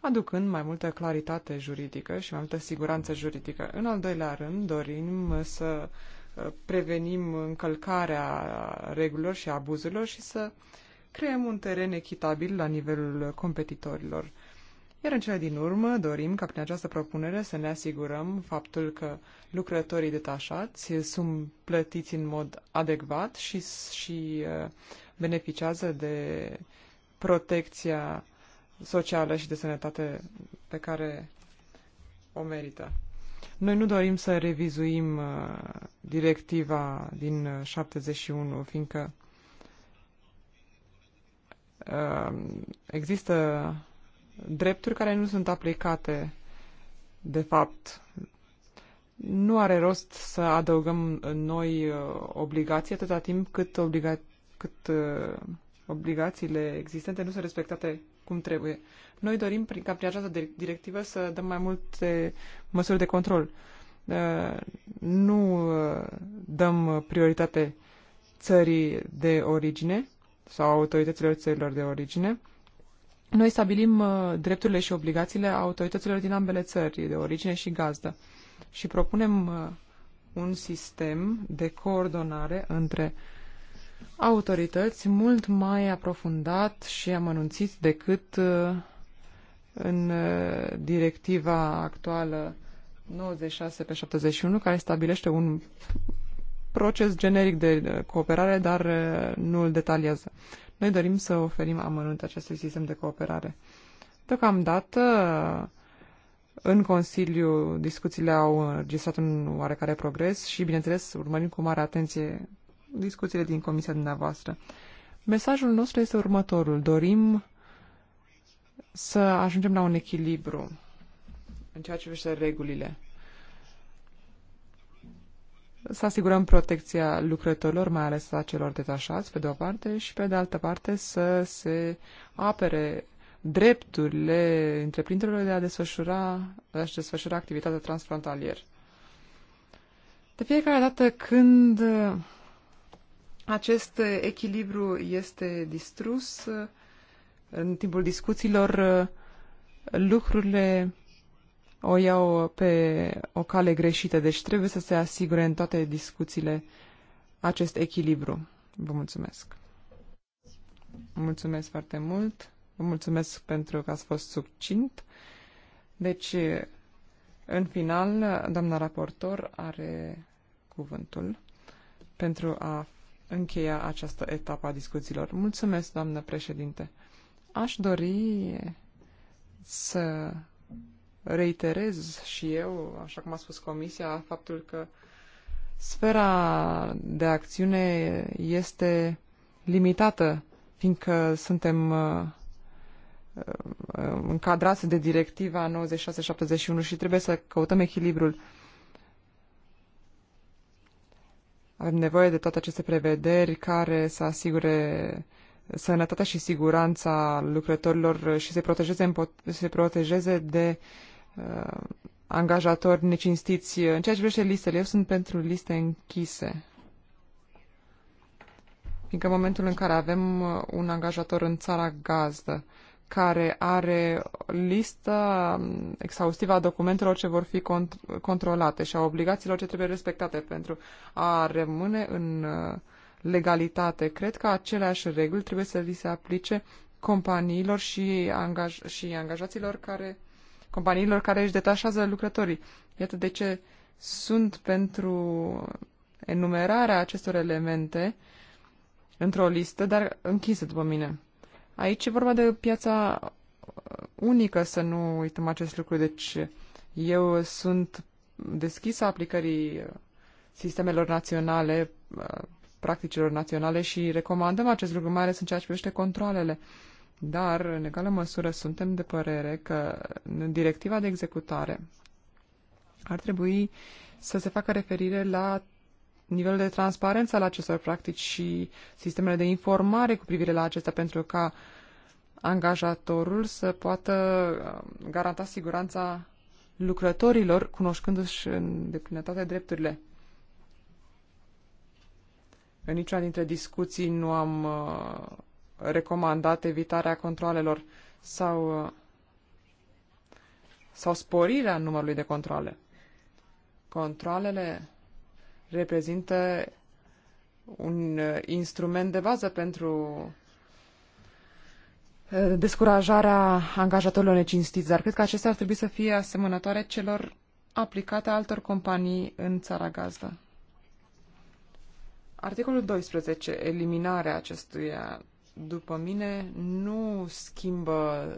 [SPEAKER 4] aducând mai multă claritate juridică și mai multă siguranță juridică. În al doilea rând, dorim să uh, prevenim încălcarea regulilor și abuzurilor și să uh, creăm un teren echitabil la nivelul competitorilor. Iar în cele din urmă dorim ca prin această propunere să ne asigurăm faptul că lucrătorii detașați sunt plătiți în mod adecvat și, și uh, beneficiază de protecția socială și de sănătate pe care o merită. Noi nu dorim să revizuim uh, directiva din 71, uh, fiindcă Ehm, există drepturi care nu sunt aplicate de fapt. Nu are rost să adăugăm noi uh, obligații atâta timp cât, obliga- cât uh, obligațiile existente nu sunt respectate cum trebuie. Noi dorim, prin, ca prin această directivă, să dăm mai multe măsuri de control. Uh, nu dăm prioritate țării de origine, sau autorităților țărilor de origine, noi stabilim uh, drepturile și obligațiile autorităților din ambele țări, de origine și gazdă, și propunem uh, un sistem de coordonare între autorități mult mai aprofundat și amănunțit decât uh, în directiva actuală 96 pe 71, care stabilește un proces generic de cooperare, dar uh, nu îl detaliază. Noi dorim să oferim amănunte acestui sistem de cooperare. Deocamdată, în Consiliu, discuțiile au înregistrat un oarecare progres și, bineînțeles, urmărim cu mare atenție discuțiile din comisia dumneavoastră. Mesajul nostru este următorul. Dorim să ajungem la un echilibru în ceea ce privește regulile să asigurăm protecția lucrătorilor, mai ales a celor detașați, pe de o parte, și pe de altă parte să se apere drepturile întreprinderilor de a desfășura, de a desfășura activitatea transfrontalieră. De fiecare dată când acest echilibru este distrus, în timpul discuțiilor, lucrurile o iau pe o cale greșită. Deci trebuie să se asigure în toate discuțiile acest echilibru. Vă mulțumesc. Mulțumesc foarte mult. Vă mulțumesc pentru că ați fost subcint. Deci, în final, doamna raportor are cuvântul pentru a încheia această etapă a discuțiilor. Mulțumesc, doamnă președinte. Aș dori să reiterez și eu, așa cum a spus Comisia, faptul că sfera de acțiune este limitată, fiindcă suntem uh, uh, încadrați de directiva 9671 și trebuie să căutăm echilibrul. Avem nevoie de toate aceste prevederi care să asigure sănătatea și siguranța lucrătorilor și se protejeze, se protejeze de uh, uh, angajatori necinstiți. În ceea ce privește listele, eu sunt pentru liste închise. Fiindcă în momentul în care avem uh, un angajator în țara gazdă care are listă um, exhaustivă a documentelor ce vor fi cont- controlate și a obligațiilor ce trebuie respectate pentru a rămâne în uh, legalitate, cred că aceleași reguli trebuie să li se aplice companiilor și, angaj- și angajaților care uh, companiilor care își detașează lucrătorii. Iată de ce sunt pentru enumerarea acestor elemente într-o listă, dar închisă după mine. Aici e vorba de piața unică, să nu uităm acest lucru. Deci eu sunt deschisă aplicării sistemelor naționale, practicilor naționale și recomandăm acest lucru, mai ales în ceea ce privește controlele. Uh, dar, în egală măsură, suntem de părere că în directiva de executare ar trebui să se facă referire la nivelul de transparență al acestor practici și sistemele de informare cu privire la acestea pentru ca angajatorul să poată um, garanta siguranța lucrătorilor, cunoscându-și în deplinătate drepturile. În niciuna dintre discuții nu am uh, recomandat evitarea controalelor sau, sau sporirea numărului de controle. Controlele reprezintă un instrument de bază pentru descurajarea angajatorilor necinstiți, dar cred că acestea ar trebui să fie asemănătoare celor aplicate altor companii în țara gazdă. Articolul 12. Eliminarea acestuia după mine, nu schimbă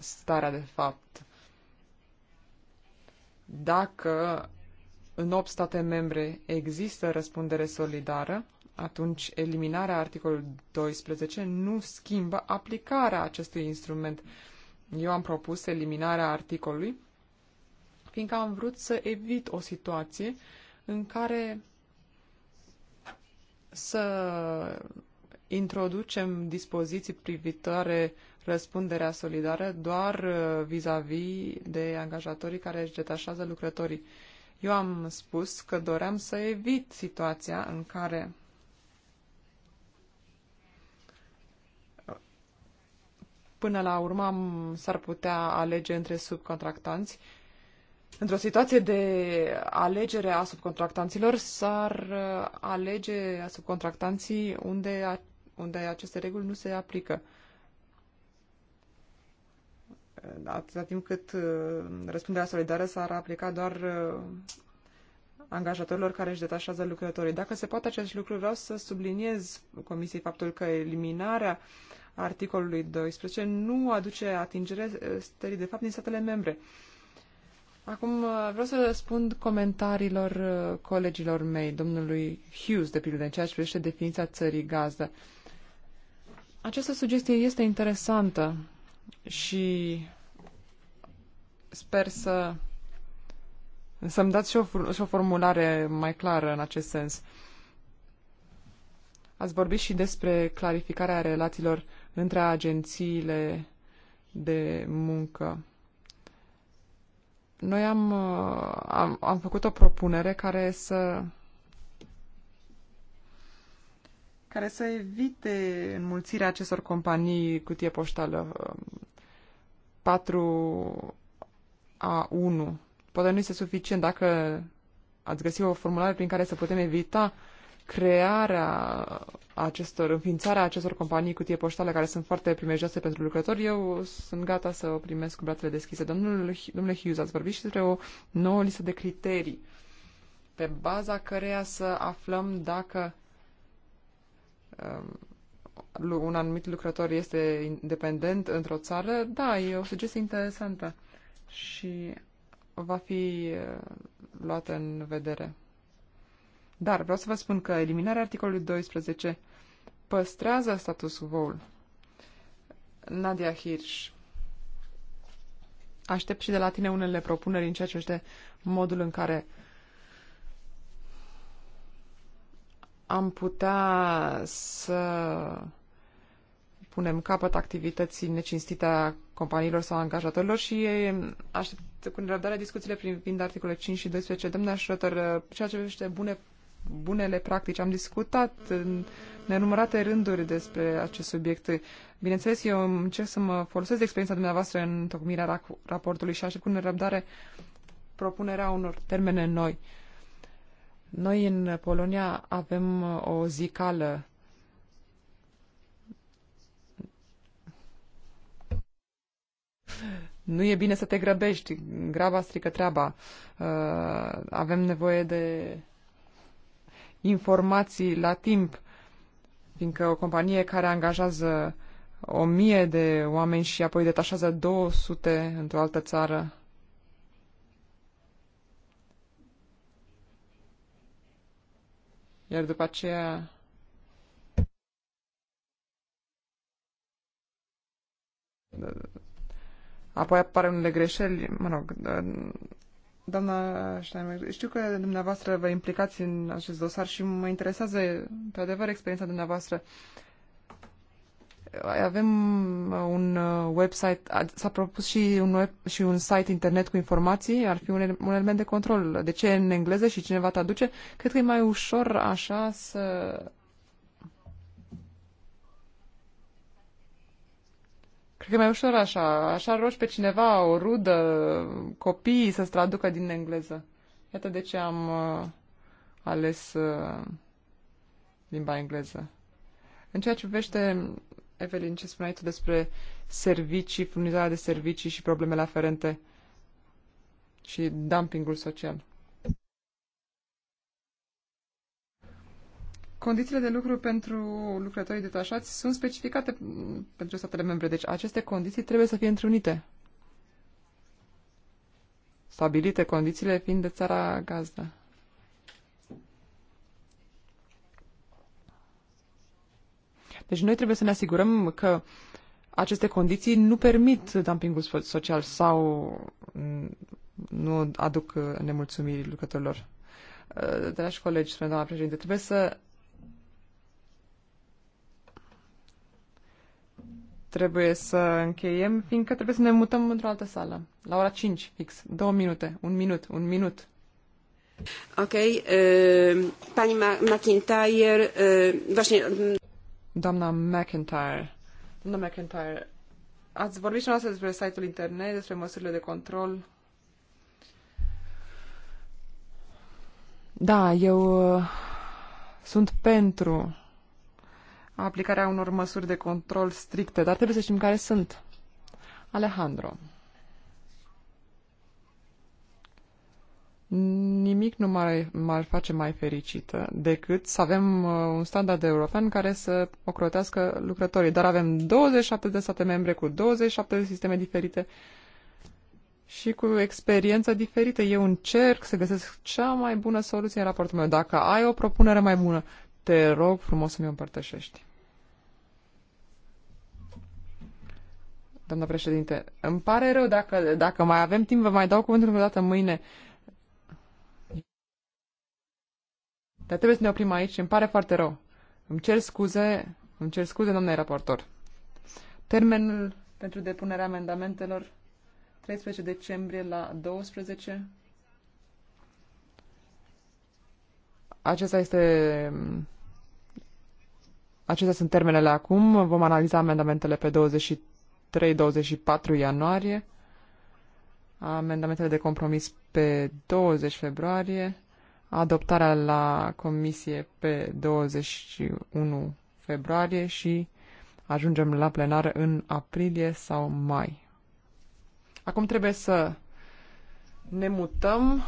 [SPEAKER 4] starea de fapt. Dacă în 8 state membre există răspundere solidară, atunci eliminarea articolului 12 nu schimbă aplicarea acestui instrument. Eu am propus eliminarea articolului, fiindcă am vrut să evit o situație în care să introducem dispoziții privitoare răspunderea solidară doar uh, vis-a-vis -vis de angajatorii care își detașează lucrătorii. Eu am spus că doream să evit situația în care până la urmă s-ar putea alege între subcontractanți. Într-o situație de alegere a subcontractanților, s-ar uh, alege a subcontractanții unde unde aceste reguli nu se aplică. Atâta timp cât uh, răspunderea solidară s-ar aplica doar uh, angajatorilor care își detașează lucrătorii. Dacă se poate acest lucru, vreau să subliniez Comisiei faptul că eliminarea articolului 12 nu aduce atingere uh, stării de fapt din statele membre. Acum vreau să răspund comentariilor colegilor mei, domnului Hughes, de pildă, în ceea ce privește definiția țării gazdă. Uh, această sugestie este interesantă și sper să să-mi dați și o, și o formulare mai clară în acest sens. Ați vorbit și despre clarificarea relațiilor între agențiile de muncă. Noi am, uh, am, am făcut o propunere care să care să evite înmulțirea acestor companii cutie poștală 4A1. Poate nu este suficient dacă ați găsit o formulare prin care să putem evita crearea acestor, înființarea acestor companii cutie poștală care sunt foarte primejoase pentru lucrători, eu sunt gata să o primesc cu brațele deschise. Domnul, domnule Hughes, ați vorbit și despre o nouă listă de criterii pe baza căreia să aflăm dacă Um, un anumit lucrător este independent într-o țară, da, e o sugestie interesantă și va fi uh, luată în vedere. Dar vreau să vă spun că eliminarea articolului 12 păstrează status quo-ul. Nadia Hirsch. Aștept și de la tine unele propuneri în ceea ce este modul în care am putea să punem capăt activității necinstite a companiilor sau a angajatorilor și aștept cu nerăbdare discuțiile privind articolele 5 și 12. Domnule Schroeter, ceea ce privește bune, bunele practici, am discutat în nenumărate rânduri despre acest subiect. Bineînțeles, eu încerc să mă folosesc de experiența dumneavoastră în tocmirea raportului și aștept cu nerăbdare propunerea unor termene noi. Noi în Polonia avem uh, o zicală nu e bine să te grăbești, graba strică treaba. Uh, avem nevoie de informații la timp, fiindcă o companie care angajează o mie de oameni și apoi detașează 200 într-o altă țară, Iar după aceea Apoi apare unele greșeli, mă rog, da, doamna Steinberg, știu că dumneavoastră vă implicați în acest dosar și mă interesează, pe adevăr experiența dumneavoastră. Uh, avem uh, un uh, website, s-a propus și un, web, și un site internet cu informații, ar fi un, un element de control. De ce în engleză și cineva te aduce? Cred că e mai ușor așa să... Cred că e mai ușor așa. Așa roși pe cineva, o rudă, copiii să-ți traducă din engleză. Iată de ce am uh, ales uh, limba engleză. În ceea ce privește Evelyn, ce spuneai tu despre servicii, furnizarea de servicii și problemele aferente și dumpingul social? Condițiile de lucru pentru lucrătorii detașați sunt specificate pentru statele membre, deci aceste condiții trebuie să fie întrunite. Stabilite condițiile fiind de țara gazdă. Deci noi trebuie să ne asigurăm că aceste condiții nu permit dumpingul social sau nu aduc uh, nemulțumiri lucrătorilor. Uh, dragi colegi, spune doamna președinte, trebuie să trebuie să încheiem, fiindcă trebuie să ne mutăm într-o altă sală. La ora 5, fix. Două minute, un minut, un minut. Ok, Uh, pani McIntyre, uh, właśnie... Mm, Doamna McIntyre. Doamna McIntyre, ați vorbit și noastră despre site-ul internet, despre măsurile de control. Da, eu uh, sunt pentru aplicarea unor măsuri de control stricte, dar trebuie să știm care sunt. Alejandro. nimic nu m-ar, face mai fericită decât să avem uh, un standard european care să ocrotească lucrătorii. Dar avem 27 de state membre cu 27 de sisteme diferite și cu experiență diferită. Eu încerc să găsesc cea mai bună soluție în raportul meu. Dacă ai o propunere mai bună, te rog frumos să mi-o împărtășești. Doamna președinte, îmi pare rău dacă, dacă mai avem timp, vă mai dau cuvântul o dată mâine. Uh, Dar trebuie să ne oprim aici și îmi pare foarte rău. Îmi cer scuze, îmi cer scuze, domnule raportor. Termenul pentru depunerea amendamentelor 13 decembrie la 12. Acesta este Acestea sunt termenele acum. Vom analiza amendamentele pe 23-24 ianuarie, amendamentele de compromis pe 20 februarie, adoptarea la comisie pe 21 februarie și ajungem la plenară în aprilie sau mai. Acum trebuie să ne mutăm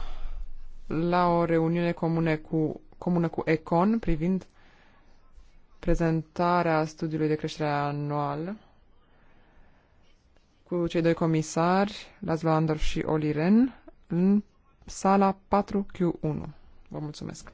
[SPEAKER 4] la o reuniune comune cu, comună cu Econ privind prezentarea studiului de creștere anual cu cei doi comisari, Laszlo Andor și Oliren, în sala 4Q1. Vă mulțumesc!